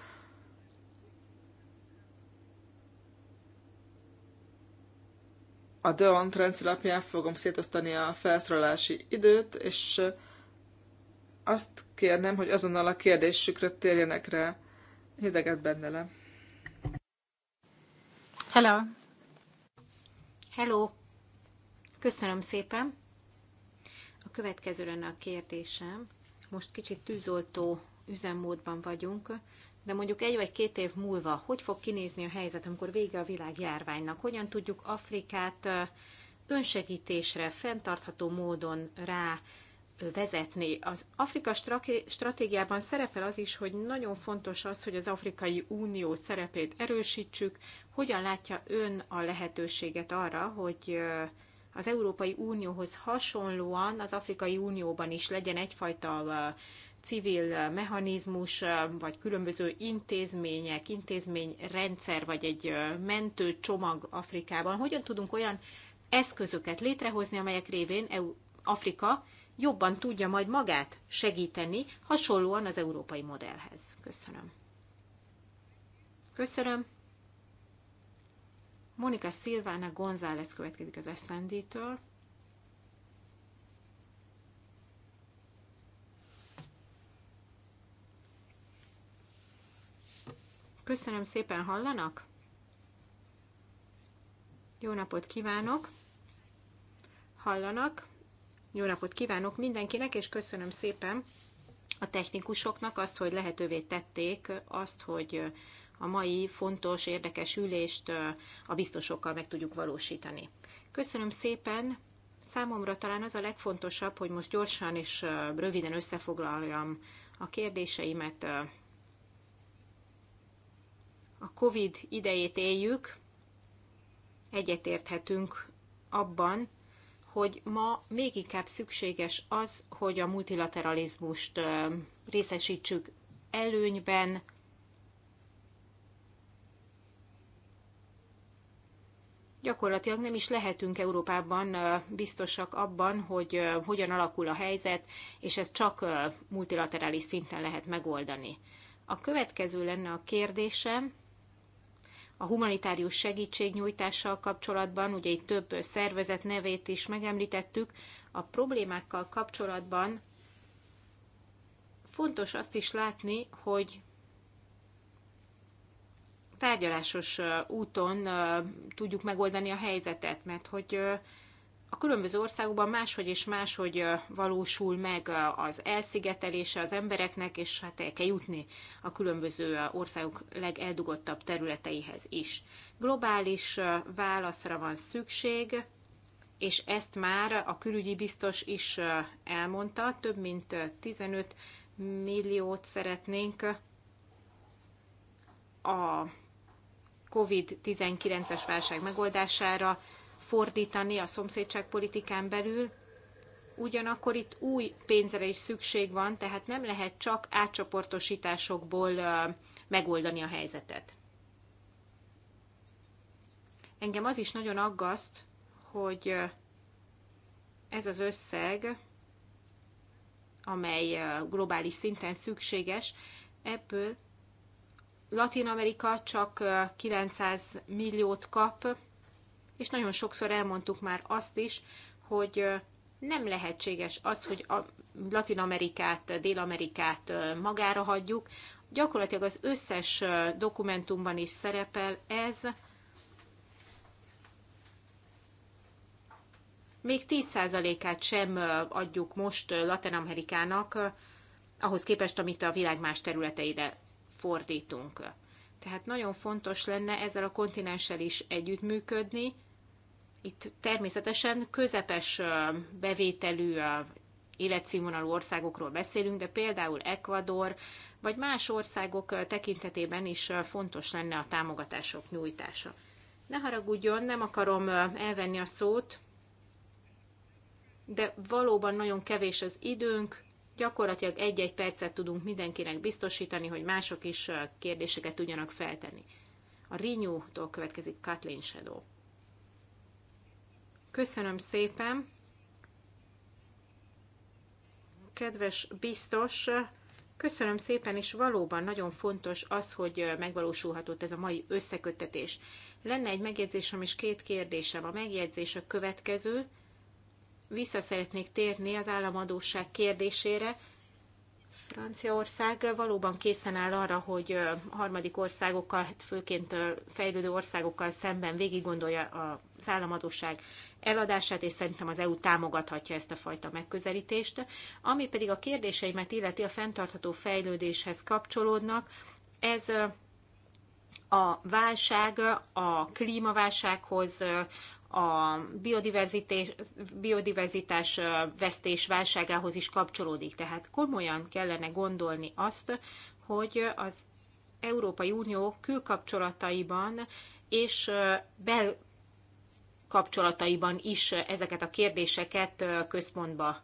a Deont rendszer alapján fogom szétosztani a felszólalási időt, és eh, azt kérnem, hogy azonnal a kérdésükre térjenek rá. Hideget benne le. Hello. Hello. Köszönöm szépen. A következő lenne a kérdésem. Most kicsit tűzoltó üzemmódban vagyunk, de mondjuk egy vagy két év múlva, hogy fog kinézni a helyzet, amikor vége a világjárványnak? Hogyan tudjuk Afrikát önsegítésre, fenntartható módon rá vezetni. Az Afrika stratégiában szerepel az is, hogy nagyon fontos az, hogy az Afrikai Unió szerepét erősítsük. Hogyan látja ön a lehetőséget arra, hogy az Európai Unióhoz hasonlóan az Afrikai Unióban is legyen egyfajta civil mechanizmus, vagy különböző intézmények, intézményrendszer, vagy egy mentő csomag Afrikában. Hogyan tudunk olyan eszközöket létrehozni, amelyek révén Afrika jobban tudja majd magát segíteni, hasonlóan az európai modellhez. Köszönöm. Köszönöm. Monika Szilvána González következik az SND-től. Köszönöm szépen, hallanak? Jó napot kívánok! Hallanak? Jó napot kívánok mindenkinek, és köszönöm szépen a technikusoknak azt, hogy lehetővé tették azt, hogy a mai fontos, érdekes ülést a biztosokkal meg tudjuk valósítani. Köszönöm szépen! Számomra talán az a legfontosabb, hogy most gyorsan és röviden összefoglaljam a kérdéseimet. A COVID idejét éljük, egyetérthetünk abban, hogy ma még inkább szükséges az, hogy a multilateralizmust részesítsük előnyben, gyakorlatilag nem is lehetünk Európában biztosak abban, hogy hogyan alakul a helyzet, és ezt csak multilaterális szinten lehet megoldani. A következő lenne a kérdésem, a humanitárius segítségnyújtással kapcsolatban, ugye itt több szervezet nevét is megemlítettük, a problémákkal kapcsolatban fontos azt is látni, hogy tárgyalásos úton tudjuk megoldani a helyzetet, mert hogy a különböző országokban máshogy és máshogy valósul meg az elszigetelése az embereknek, és hát el kell jutni a különböző országok legeldugottabb területeihez is. Globális válaszra van szükség, és ezt már a külügyi biztos is elmondta, több mint 15 milliót szeretnénk a COVID-19-es válság megoldására fordítani a szomszédságpolitikán belül, ugyanakkor itt új pénzre is szükség van, tehát nem lehet csak átcsoportosításokból megoldani a helyzetet. Engem az is nagyon aggaszt, hogy ez az összeg, amely globális szinten szükséges, ebből Latin Amerika csak 900 milliót kap, és nagyon sokszor elmondtuk már azt is, hogy nem lehetséges az, hogy a Latin Amerikát, Dél-Amerikát magára hagyjuk. Gyakorlatilag az összes dokumentumban is szerepel ez. Még 10%-át sem adjuk most Latin Amerikának, ahhoz képest, amit a világ más területeire fordítunk. Tehát nagyon fontos lenne ezzel a kontinenssel is együttműködni, itt természetesen közepes bevételű életszínvonalú országokról beszélünk, de például Ecuador vagy más országok tekintetében is fontos lenne a támogatások nyújtása. Ne haragudjon, nem akarom elvenni a szót, de valóban nagyon kevés az időnk, gyakorlatilag egy-egy percet tudunk mindenkinek biztosítani, hogy mások is kérdéseket tudjanak feltenni. A Renew-tól következik Kathleen Shadow. Köszönöm szépen. Kedves biztos, köszönöm szépen, és valóban nagyon fontos az, hogy megvalósulhatott ez a mai összeköttetés. Lenne egy megjegyzésem és két kérdésem. A megjegyzés a következő. Vissza szeretnék térni az államadóság kérdésére, Franciaország valóban készen áll arra, hogy harmadik országokkal, hát főként fejlődő országokkal szemben végig gondolja az államadóság eladását, és szerintem az EU támogathatja ezt a fajta megközelítést. Ami pedig a kérdéseimet illeti a fenntartható fejlődéshez kapcsolódnak, ez a válság a klímaválsághoz, a biodiverzitás, biodiverzitás vesztés válságához is kapcsolódik. Tehát komolyan kellene gondolni azt, hogy az Európai Unió külkapcsolataiban és bel kapcsolataiban is ezeket a kérdéseket központba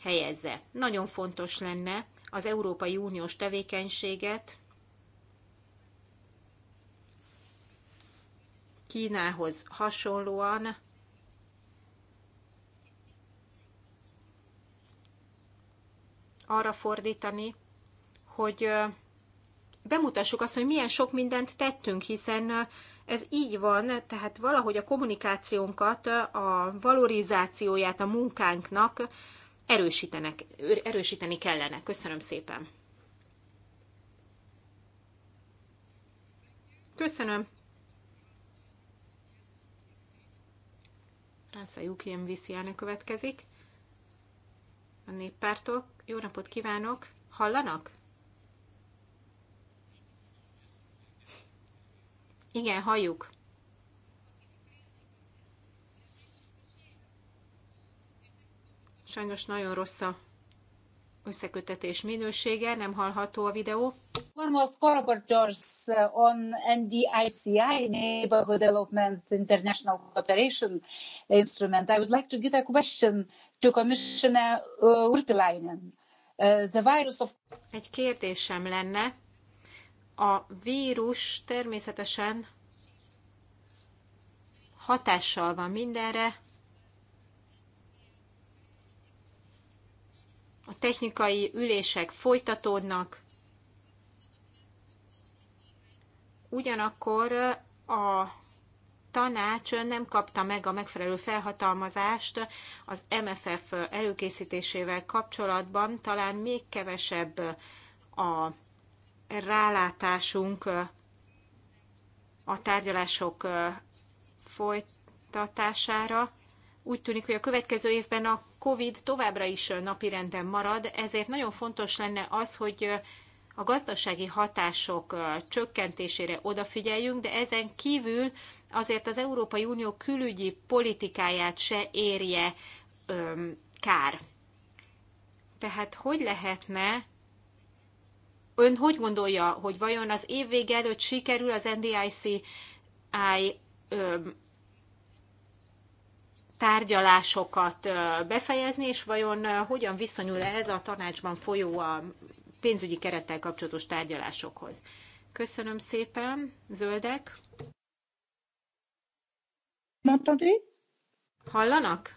helyezze. Nagyon fontos lenne az Európai Uniós tevékenységet Kínához hasonlóan arra fordítani, hogy bemutassuk azt, hogy milyen sok mindent tettünk, hiszen ez így van, tehát valahogy a kommunikációnkat, a valorizációját a munkánknak erősítenek, erősíteni kellene. Köszönöm szépen! Köszönöm! Rásza Juki MVC elnök következik. A néppártok. Jó napot kívánok! Hallanak? Igen, halljuk. Sajnos nagyon rossz a összekötetés minősége, nem hallható a videó. One was collaborators uh, on NDICI, Neighborhood Development International Cooperation Instrument. I would like to give a question to Commissioner uh, Urpilainen. Uh, the virus of... Egy kérdésem lenne. A vírus természetesen hatással van mindenre, a technikai ülések folytatódnak, ugyanakkor a tanács nem kapta meg a megfelelő felhatalmazást az MFF előkészítésével kapcsolatban, talán még kevesebb a rálátásunk a tárgyalások folytatására. Úgy tűnik, hogy a következő évben a COVID továbbra is napirenden marad, ezért nagyon fontos lenne az, hogy a gazdasági hatások csökkentésére odafigyeljünk, de ezen kívül azért az Európai Unió külügyi politikáját se érje öm, kár. Tehát hogy lehetne, ön hogy gondolja, hogy vajon az év vége előtt sikerül az NDIC tárgyalásokat befejezni, és vajon hogyan viszonyul ez a tanácsban folyó a pénzügyi kerettel kapcsolatos tárgyalásokhoz. Köszönöm szépen, zöldek. Hallanak?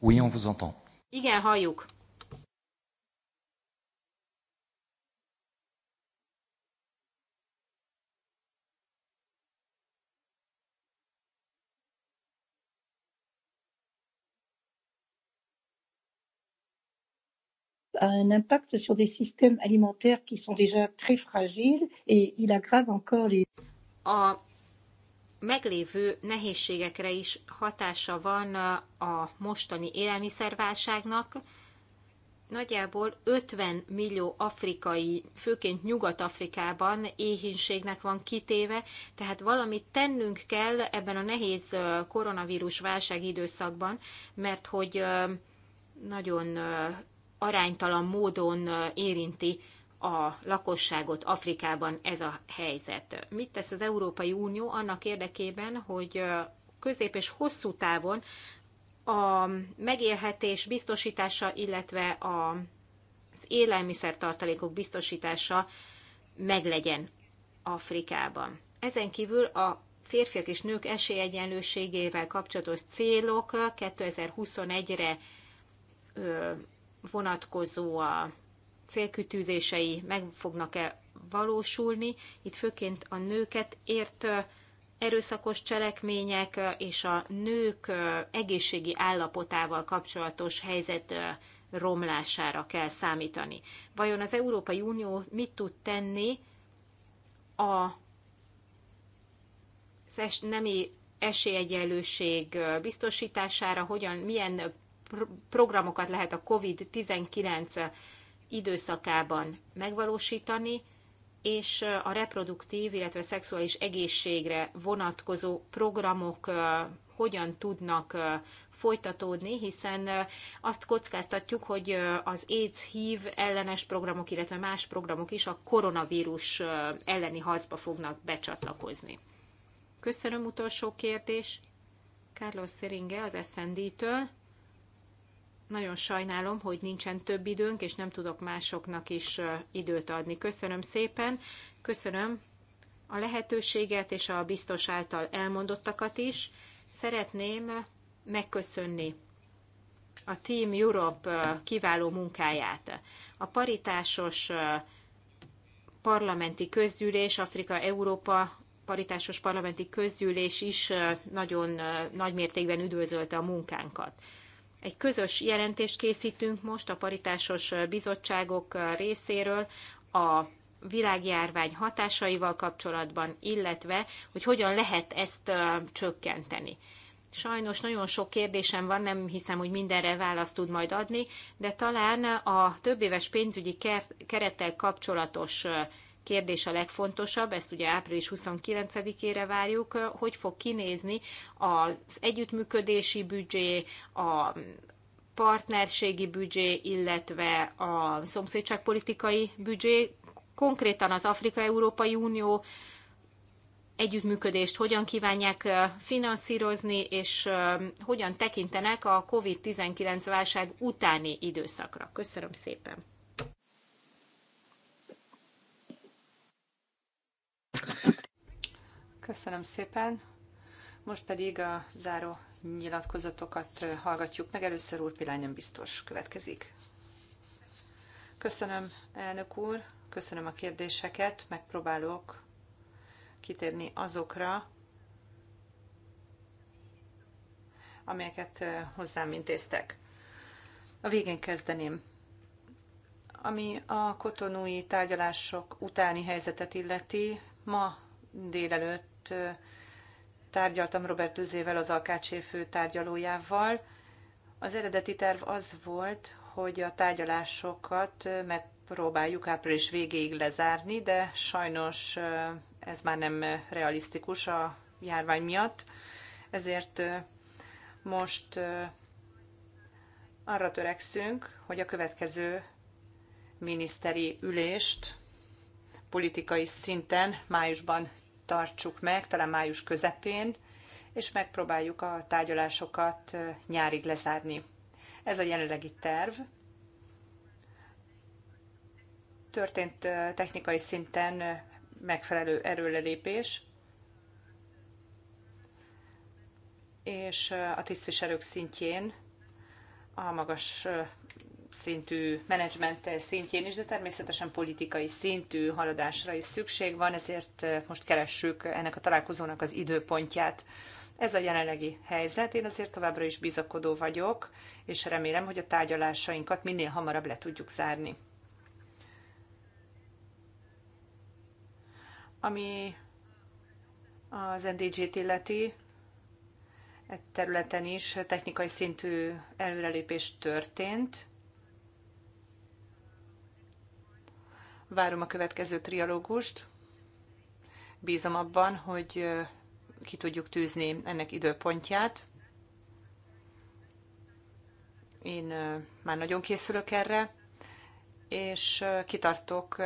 Oui, on vous entend. Igen, halljuk. a un impact sur des systèmes alimentaires qui sont déjà très fragiles et il aggrave encore les... A meglévő nehézségekre is hatása van a mostani élelmiszerválságnak. Nagyjából 50 millió afrikai, főként Nyugat-Afrikában éhínségnek van kitéve, tehát valamit tennünk kell ebben a nehéz koronavírus válság időszakban, mert hogy nagyon aránytalan módon érinti a lakosságot Afrikában ez a helyzet. Mit tesz az Európai Unió annak érdekében, hogy közép és hosszú távon a megélhetés biztosítása, illetve a, az élelmiszertartalékok biztosítása meglegyen Afrikában. Ezen kívül a férfiak és nők esélyegyenlőségével kapcsolatos célok 2021-re vonatkozó a célkütűzései meg fognak-e valósulni. Itt főként a nőket ért erőszakos cselekmények és a nők egészségi állapotával kapcsolatos helyzet romlására kell számítani. Vajon az Európai Unió mit tud tenni a nemi esélyegyenlőség biztosítására, hogyan, milyen programokat lehet a COVID-19 időszakában megvalósítani, és a reproduktív, illetve szexuális egészségre vonatkozó programok hogyan tudnak folytatódni, hiszen azt kockáztatjuk, hogy az AIDS hív ellenes programok, illetve más programok is a koronavírus elleni harcba fognak becsatlakozni. Köszönöm utolsó kérdés. Carlos Szeringe az SND-től. Nagyon sajnálom, hogy nincsen több időnk, és nem tudok másoknak is időt adni. Köszönöm szépen, köszönöm a lehetőséget és a biztos által elmondottakat is. Szeretném megköszönni a Team Europe kiváló munkáját. A paritásos parlamenti közgyűlés, Afrika-Európa paritásos parlamenti közgyűlés is nagyon nagy mértékben üdvözölte a munkánkat. Egy közös jelentést készítünk most a paritásos bizottságok részéről a világjárvány hatásaival kapcsolatban, illetve hogy hogyan lehet ezt csökkenteni. Sajnos nagyon sok kérdésem van, nem hiszem, hogy mindenre választ tud majd adni, de talán a többéves pénzügyi kerettel kapcsolatos kérdés a legfontosabb, ezt ugye április 29-ére várjuk, hogy fog kinézni az együttműködési büdzsé, a partnerségi büdzsé, illetve a szomszédságpolitikai büdzsé, konkrétan az Afrika-Európai Unió együttműködést hogyan kívánják finanszírozni, és hogyan tekintenek a COVID-19 válság utáni időszakra. Köszönöm szépen! Köszönöm szépen. Most pedig a záró nyilatkozatokat hallgatjuk meg. Először úr Pilányen biztos következik. Köszönöm, elnök úr, köszönöm a kérdéseket, megpróbálok kitérni azokra, amelyeket hozzám intéztek. A végén kezdeném. Ami a kotonúi tárgyalások utáni helyzetet illeti, Ma délelőtt tárgyaltam Robert Tüzével, az Alkácsé fő tárgyalójával. Az eredeti terv az volt, hogy a tárgyalásokat megpróbáljuk április végéig lezárni, de sajnos ez már nem realisztikus a járvány miatt, ezért most arra törekszünk, hogy a következő miniszteri ülést politikai szinten májusban tartsuk meg, talán május közepén, és megpróbáljuk a tárgyalásokat nyárig lezárni. Ez a jelenlegi terv. Történt technikai szinten megfelelő erőlelépés, és a tisztviselők szintjén a magas szintű menedzsment szintjén is, de természetesen politikai szintű haladásra is szükség van, ezért eh, most keressük ennek a találkozónak az időpontját. Ez a jelenlegi helyzet, én azért továbbra is bizakodó vagyok, és remélem, hogy a tárgyalásainkat minél hamarabb le tudjuk zárni. Ami az NDG-t illeti, e területen is technikai szintű előrelépés történt. Várom a következő trialógust. Bízom abban, hogy ki tudjuk tűzni ennek időpontját. Én már nagyon készülök erre, és kitartok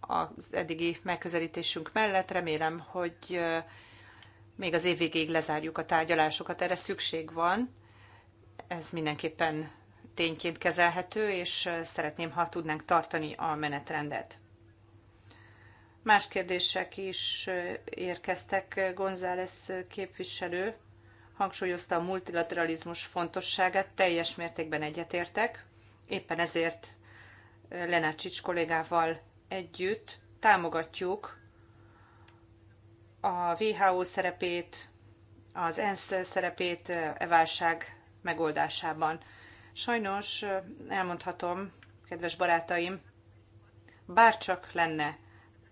az eddigi megközelítésünk mellett. Remélem, hogy még az év végéig lezárjuk a tárgyalásokat. Erre szükség van. Ez mindenképpen tényként kezelhető, és szeretném, ha tudnánk tartani a menetrendet. Más kérdések is érkeztek. González képviselő hangsúlyozta a multilateralizmus fontosságát, teljes mértékben egyetértek. Éppen ezért Lenácsics kollégával együtt támogatjuk a WHO szerepét, az ENSZ szerepét e válság megoldásában. Sajnos elmondhatom, kedves barátaim, bárcsak lenne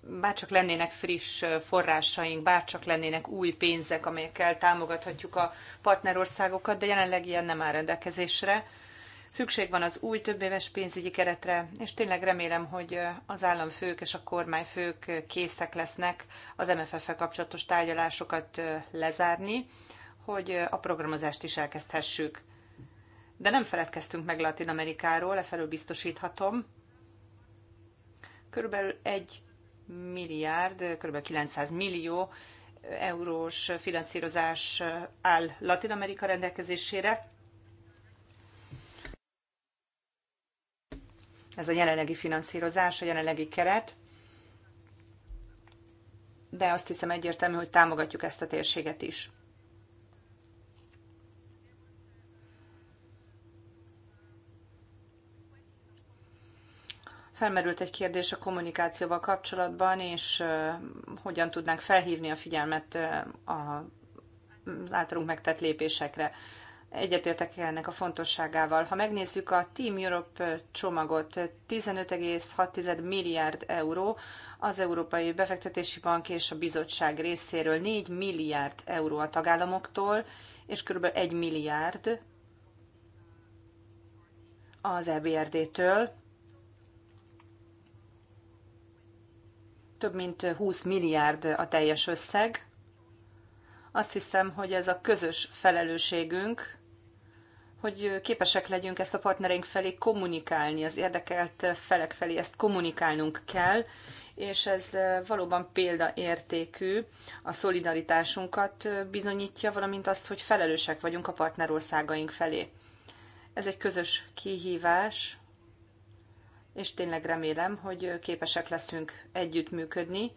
bárcsak lennének friss forrásaink, bárcsak lennének új pénzek, amelyekkel támogathatjuk a partnerországokat, de jelenleg ilyen nem áll rendelkezésre. Szükség van az új többéves pénzügyi keretre, és tényleg remélem, hogy az államfők és a kormányfők készek lesznek az MFF-fel kapcsolatos tárgyalásokat lezárni, hogy a programozást is elkezdhessük. De nem feledkeztünk meg Latin Amerikáról, lefelől biztosíthatom. Körülbelül egy milliárd, kb. 900 millió eurós finanszírozás áll Latin Amerika rendelkezésére. Ez a jelenlegi finanszírozás, a jelenlegi keret. De azt hiszem egyértelmű, hogy támogatjuk ezt a térséget is. Felmerült egy kérdés a kommunikációval kapcsolatban, és hogyan tudnánk felhívni a figyelmet az általunk megtett lépésekre. Egyetértek ennek a fontosságával. Ha megnézzük a Team Europe csomagot, 15,6 milliárd euró az Európai Befektetési Bank és a bizottság részéről, 4 milliárd euró a tagállamoktól, és kb. 1 milliárd az EBRD-től több mint 20 milliárd a teljes összeg. Azt hiszem, hogy ez a közös felelősségünk, hogy képesek legyünk ezt a partnereink felé kommunikálni, az érdekelt felek felé ezt kommunikálnunk kell, és ez valóban példaértékű, a szolidaritásunkat bizonyítja, valamint azt, hogy felelősek vagyunk a partnerországaink felé. Ez egy közös kihívás, és tényleg remélem, hogy képesek leszünk együttműködni,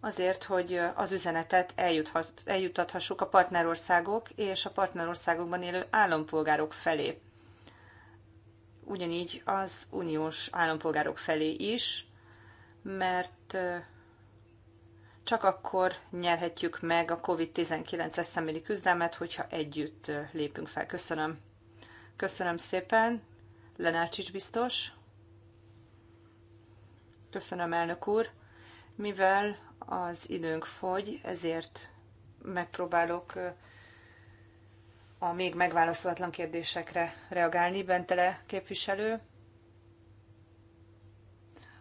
azért, hogy az üzenetet eljuthat, eljuttathassuk a partnerországok és a partnerországokban élő állampolgárok felé. Ugyanígy az uniós állampolgárok felé is, mert csak akkor nyerhetjük meg a COVID-19-es küzdelmet, hogyha együtt lépünk fel. Köszönöm. Köszönöm szépen, Lenácsics biztos. Köszönöm, elnök úr. Mivel az időnk fogy, ezért megpróbálok a még megválaszolatlan kérdésekre reagálni. Bentele képviselő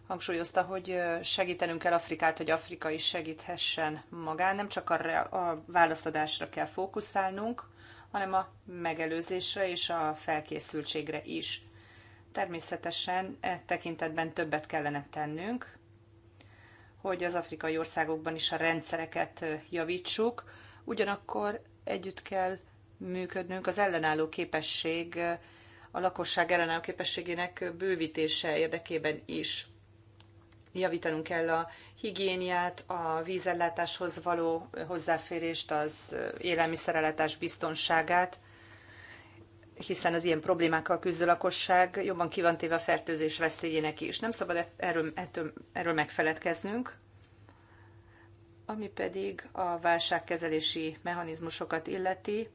hangsúlyozta, hogy segítenünk kell Afrikát, hogy Afrika is segíthessen magán. Nem csak a, a válaszadásra kell fókuszálnunk, hanem a megelőzésre és a felkészültségre is. Természetesen e tekintetben többet kellene tennünk, hogy az afrikai országokban is a rendszereket javítsuk, ugyanakkor együtt kell működnünk az ellenálló képesség, a lakosság ellenálló képességének bővítése érdekében is. Javítanunk kell a higiéniát, a vízellátáshoz való hozzáférést, az élelmiszerellátás biztonságát, hiszen az ilyen problémákkal küzdő lakosság jobban kivantéve a fertőzés veszélyének is. Nem szabad e- erről, ettől, erről megfeledkeznünk, ami pedig a válságkezelési mechanizmusokat illeti,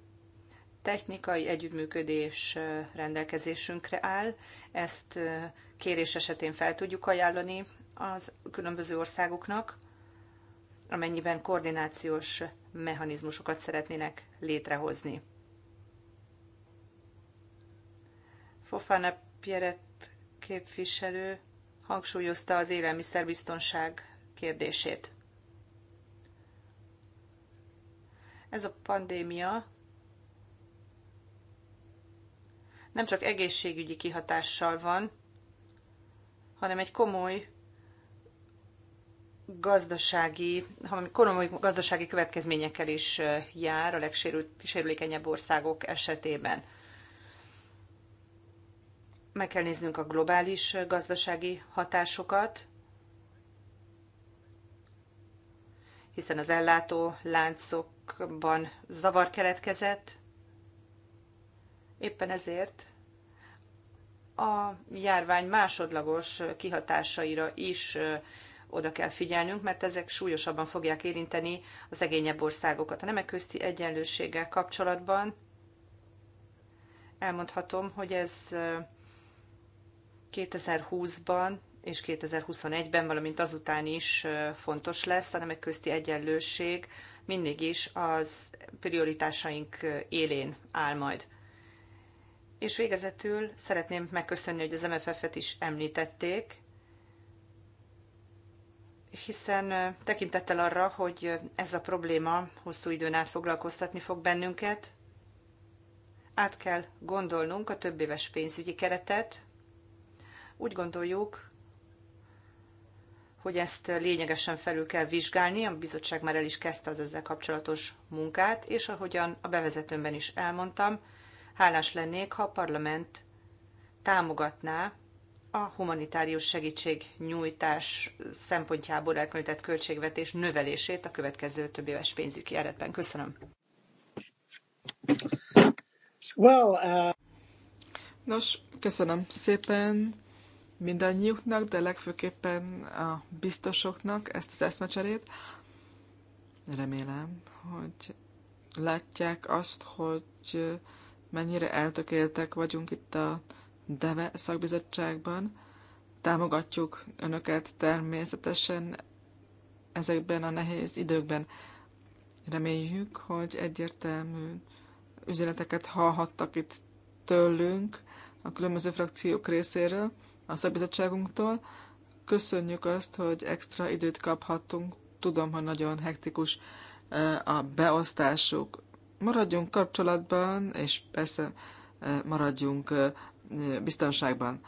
technikai együttműködés rendelkezésünkre áll. Ezt kérés esetén fel tudjuk ajánlani az különböző országoknak, amennyiben koordinációs mechanizmusokat szeretnének létrehozni. Fofana Pieret képviselő hangsúlyozta az élelmiszerbiztonság kérdését. Ez a pandémia nem csak egészségügyi kihatással van, hanem egy komoly gazdasági, hanem komoly gazdasági következményekkel is eh, jár a legsérülékenyebb országok esetében meg kell néznünk a globális gazdasági hatásokat, hiszen az ellátó láncokban zavar keletkezett. Éppen ezért a járvány másodlagos kihatásaira is oda kell figyelnünk, mert ezek súlyosabban fogják érinteni az egényebb országokat. A nemek közti egyenlőséggel kapcsolatban elmondhatom, hogy ez 2020-ban és 2021-ben, valamint azután is fontos lesz, hanem egy közti egyenlőség mindig is az prioritásaink élén áll majd. És végezetül szeretném megköszönni, hogy az MFF-et is említették, hiszen tekintettel arra, hogy ez a probléma hosszú időn át foglalkoztatni fog bennünket, át kell gondolnunk a többéves pénzügyi keretet, úgy gondoljuk, hogy ezt lényegesen felül kell vizsgálni, a bizottság már el is kezdte az ezzel kapcsolatos munkát, és ahogyan a bevezetőmben is elmondtam, hálás lennék, ha a parlament támogatná a humanitárius segítség nyújtás szempontjából elkönyvített költségvetés növelését a következő több éves pénzügyi eredben. Köszönöm. Well, uh... Nos, köszönöm szépen mindannyiuknak, de legfőképpen a biztosoknak ezt az eszmecserét. Remélem, hogy látják azt, hogy mennyire eltökéltek vagyunk itt a DEVE szakbizottságban. Támogatjuk Önöket természetesen ezekben a nehéz időkben. Reméljük, hogy egyértelmű üzeneteket hallhattak itt tőlünk a különböző frakciók részéről a szabizottságunktól. Köszönjük azt, hogy extra időt kaphattunk. Tudom, hogy nagyon hektikus a beosztásuk. Maradjunk kapcsolatban, és persze maradjunk biztonságban.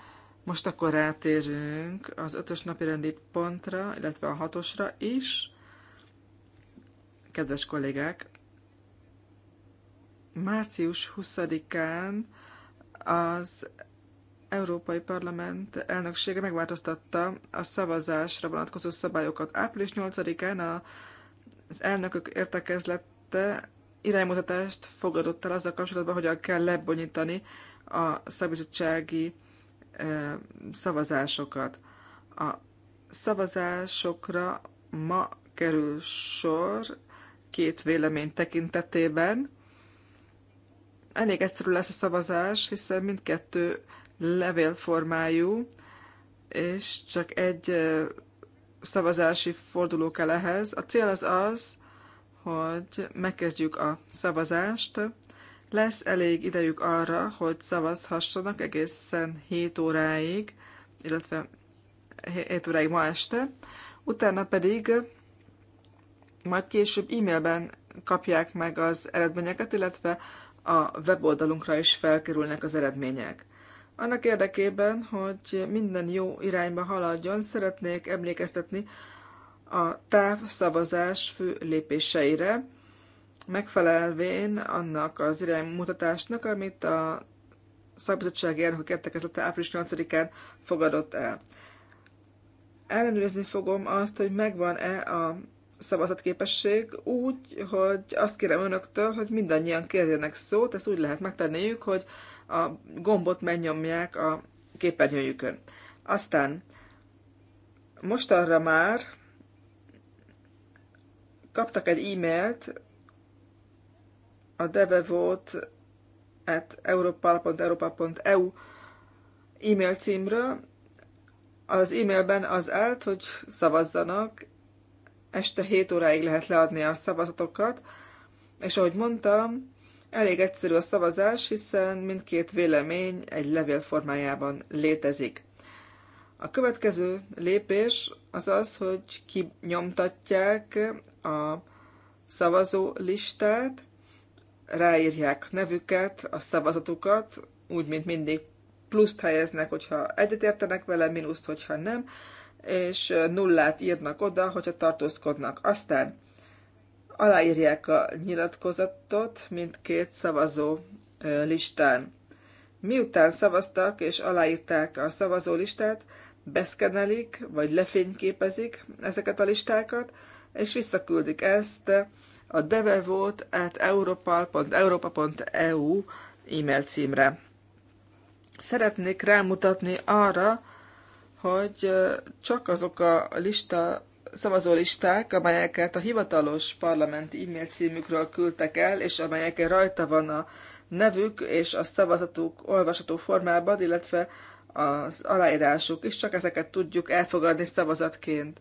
Most akkor rátérünk az ötös napi rendi pontra, illetve a hatosra is. Kedves kollégák, március 20-án az Európai Parlament elnöksége megváltoztatta a szavazásra vonatkozó szabályokat. Április 8-án az elnökök értekezlete iránymutatást fogadott el azzal kapcsolatban, hogyan kell lebonyítani a szabizottsági szavazásokat. A szavazásokra ma kerül sor két vélemény tekintetében. Elég egyszerű lesz a szavazás, hiszen mindkettő levélformájú, és csak egy szavazási forduló kell ehhez. A cél az az, hogy megkezdjük a szavazást. Lesz elég idejük arra, hogy szavazhassanak egészen 7 óráig, illetve 7 óráig ma este. Utána pedig majd később e-mailben kapják meg az eredményeket, illetve a weboldalunkra is felkerülnek az eredmények. Annak érdekében, hogy minden jó irányba haladjon, szeretnék emlékeztetni a távszavazás fő lépéseire, megfelelvén annak az iránymutatásnak, amit a szakbizottsági elnökök értekezlete április 8-án fogadott el. Ellenőrizni fogom azt, hogy megvan-e a szavazatképesség úgy, hogy azt kérem önöktől, hogy mindannyian kérjenek szót, ezt úgy lehet megtenniük, hogy a gombot megnyomják a képernyőjükön. Aztán mostanra már kaptak egy e-mailt a devevót at europa.europa.eu e-mail címről. Az e-mailben az állt, hogy szavazzanak, este 7 óráig lehet leadni a szavazatokat, és ahogy mondtam, Elég egyszerű a szavazás, hiszen mindkét vélemény egy levél formájában létezik. A következő lépés az az, hogy kinyomtatják a szavazó listát, ráírják nevüket, a szavazatukat, úgy, mint mindig pluszt helyeznek, hogyha egyetértenek vele, mínuszt, hogyha nem, és nullát írnak oda, hogyha tartózkodnak. Aztán aláírják a nyilatkozatot mindkét szavazó listán. Miután szavaztak és aláírták a szavazó listát, beszkenelik vagy lefényképezik ezeket a listákat, és visszaküldik ezt a devevót at europal.europa.eu e-mail címre. Szeretnék rámutatni arra, hogy csak azok a lista szavazólisták, amelyeket a hivatalos parlamenti e-mail címükről küldtek el, és amelyeken rajta van a nevük és a szavazatuk olvasható formában, illetve az aláírásuk is, csak ezeket tudjuk elfogadni szavazatként.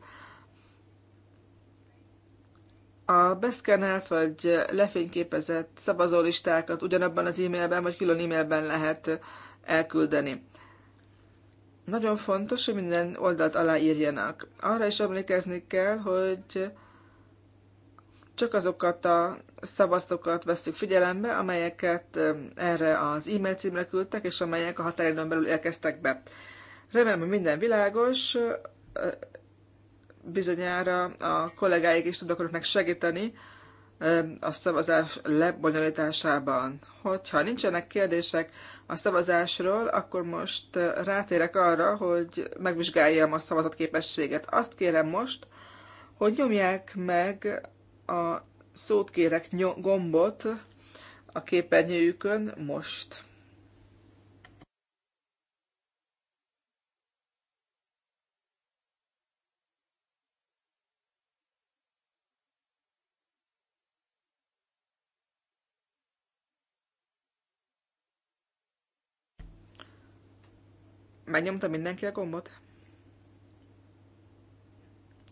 A beszkenelt vagy lefényképezett szavazólistákat ugyanabban az e-mailben vagy külön e-mailben lehet elküldeni. Nagyon fontos, hogy minden oldalt aláírjanak. Arra is emlékezni kell, hogy csak azokat a szavazatokat veszük figyelembe, amelyeket erre az e-mail címre küldtek, és amelyek a határidőn belül érkeztek be. Remélem, hogy minden világos, bizonyára a kollégáik is tudnak önöknek segíteni a szavazás lebonyolításában. Hogyha nincsenek kérdések a szavazásról, akkor most rátérek arra, hogy megvizsgáljam a szavazatképességet. Azt kérem most, hogy nyomják meg a szót kérek gombot a képernyőjükön most. Megnyomta mindenki a gombot?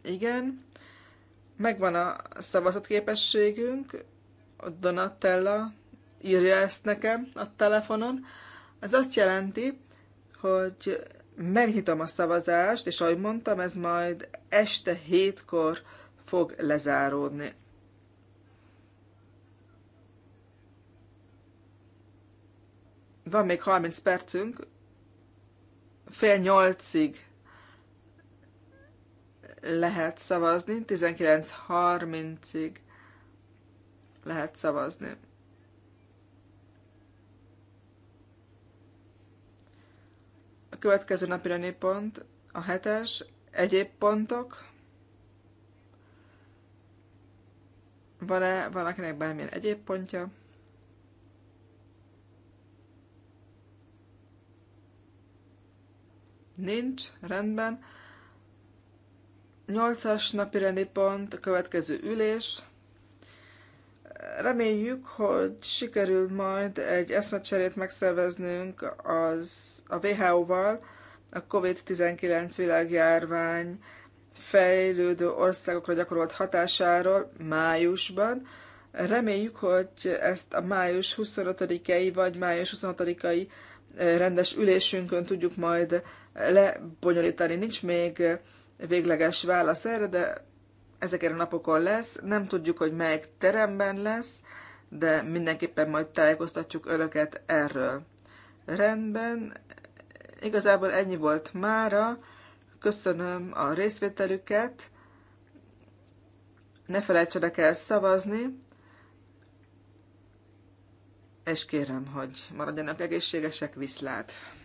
Igen. Megvan a szavazatképességünk. A Donatella írja ezt nekem a telefonon. Ez azt jelenti, hogy megnyitom a szavazást, és ahogy mondtam, ez majd este hétkor fog lezáródni. Van még 30 percünk, fél nyolcig lehet szavazni, 19.30-ig lehet szavazni. A következő napi pont a hetes, egyéb pontok. Van-e valakinek bármilyen egyéb pontja? Nincs, rendben. Nyolcas napi rendi pont, a következő ülés. Reméljük, hogy sikerül majd egy eszmecserét megszerveznünk az, a WHO-val, a COVID-19 világjárvány fejlődő országokra gyakorolt hatásáról májusban. Reméljük, hogy ezt a május 25-i vagy május 26-ai eh, rendes ülésünkön tudjuk majd lebonyolítani. Nincs még végleges válasz erre, de ezeken a napokon lesz. Nem tudjuk, hogy melyik teremben lesz, de mindenképpen majd tájékoztatjuk önöket erről. Rendben, igazából ennyi volt mára. Köszönöm a részvételüket. Ne felejtsenek el szavazni, és kérem, hogy maradjanak egészségesek, viszlát!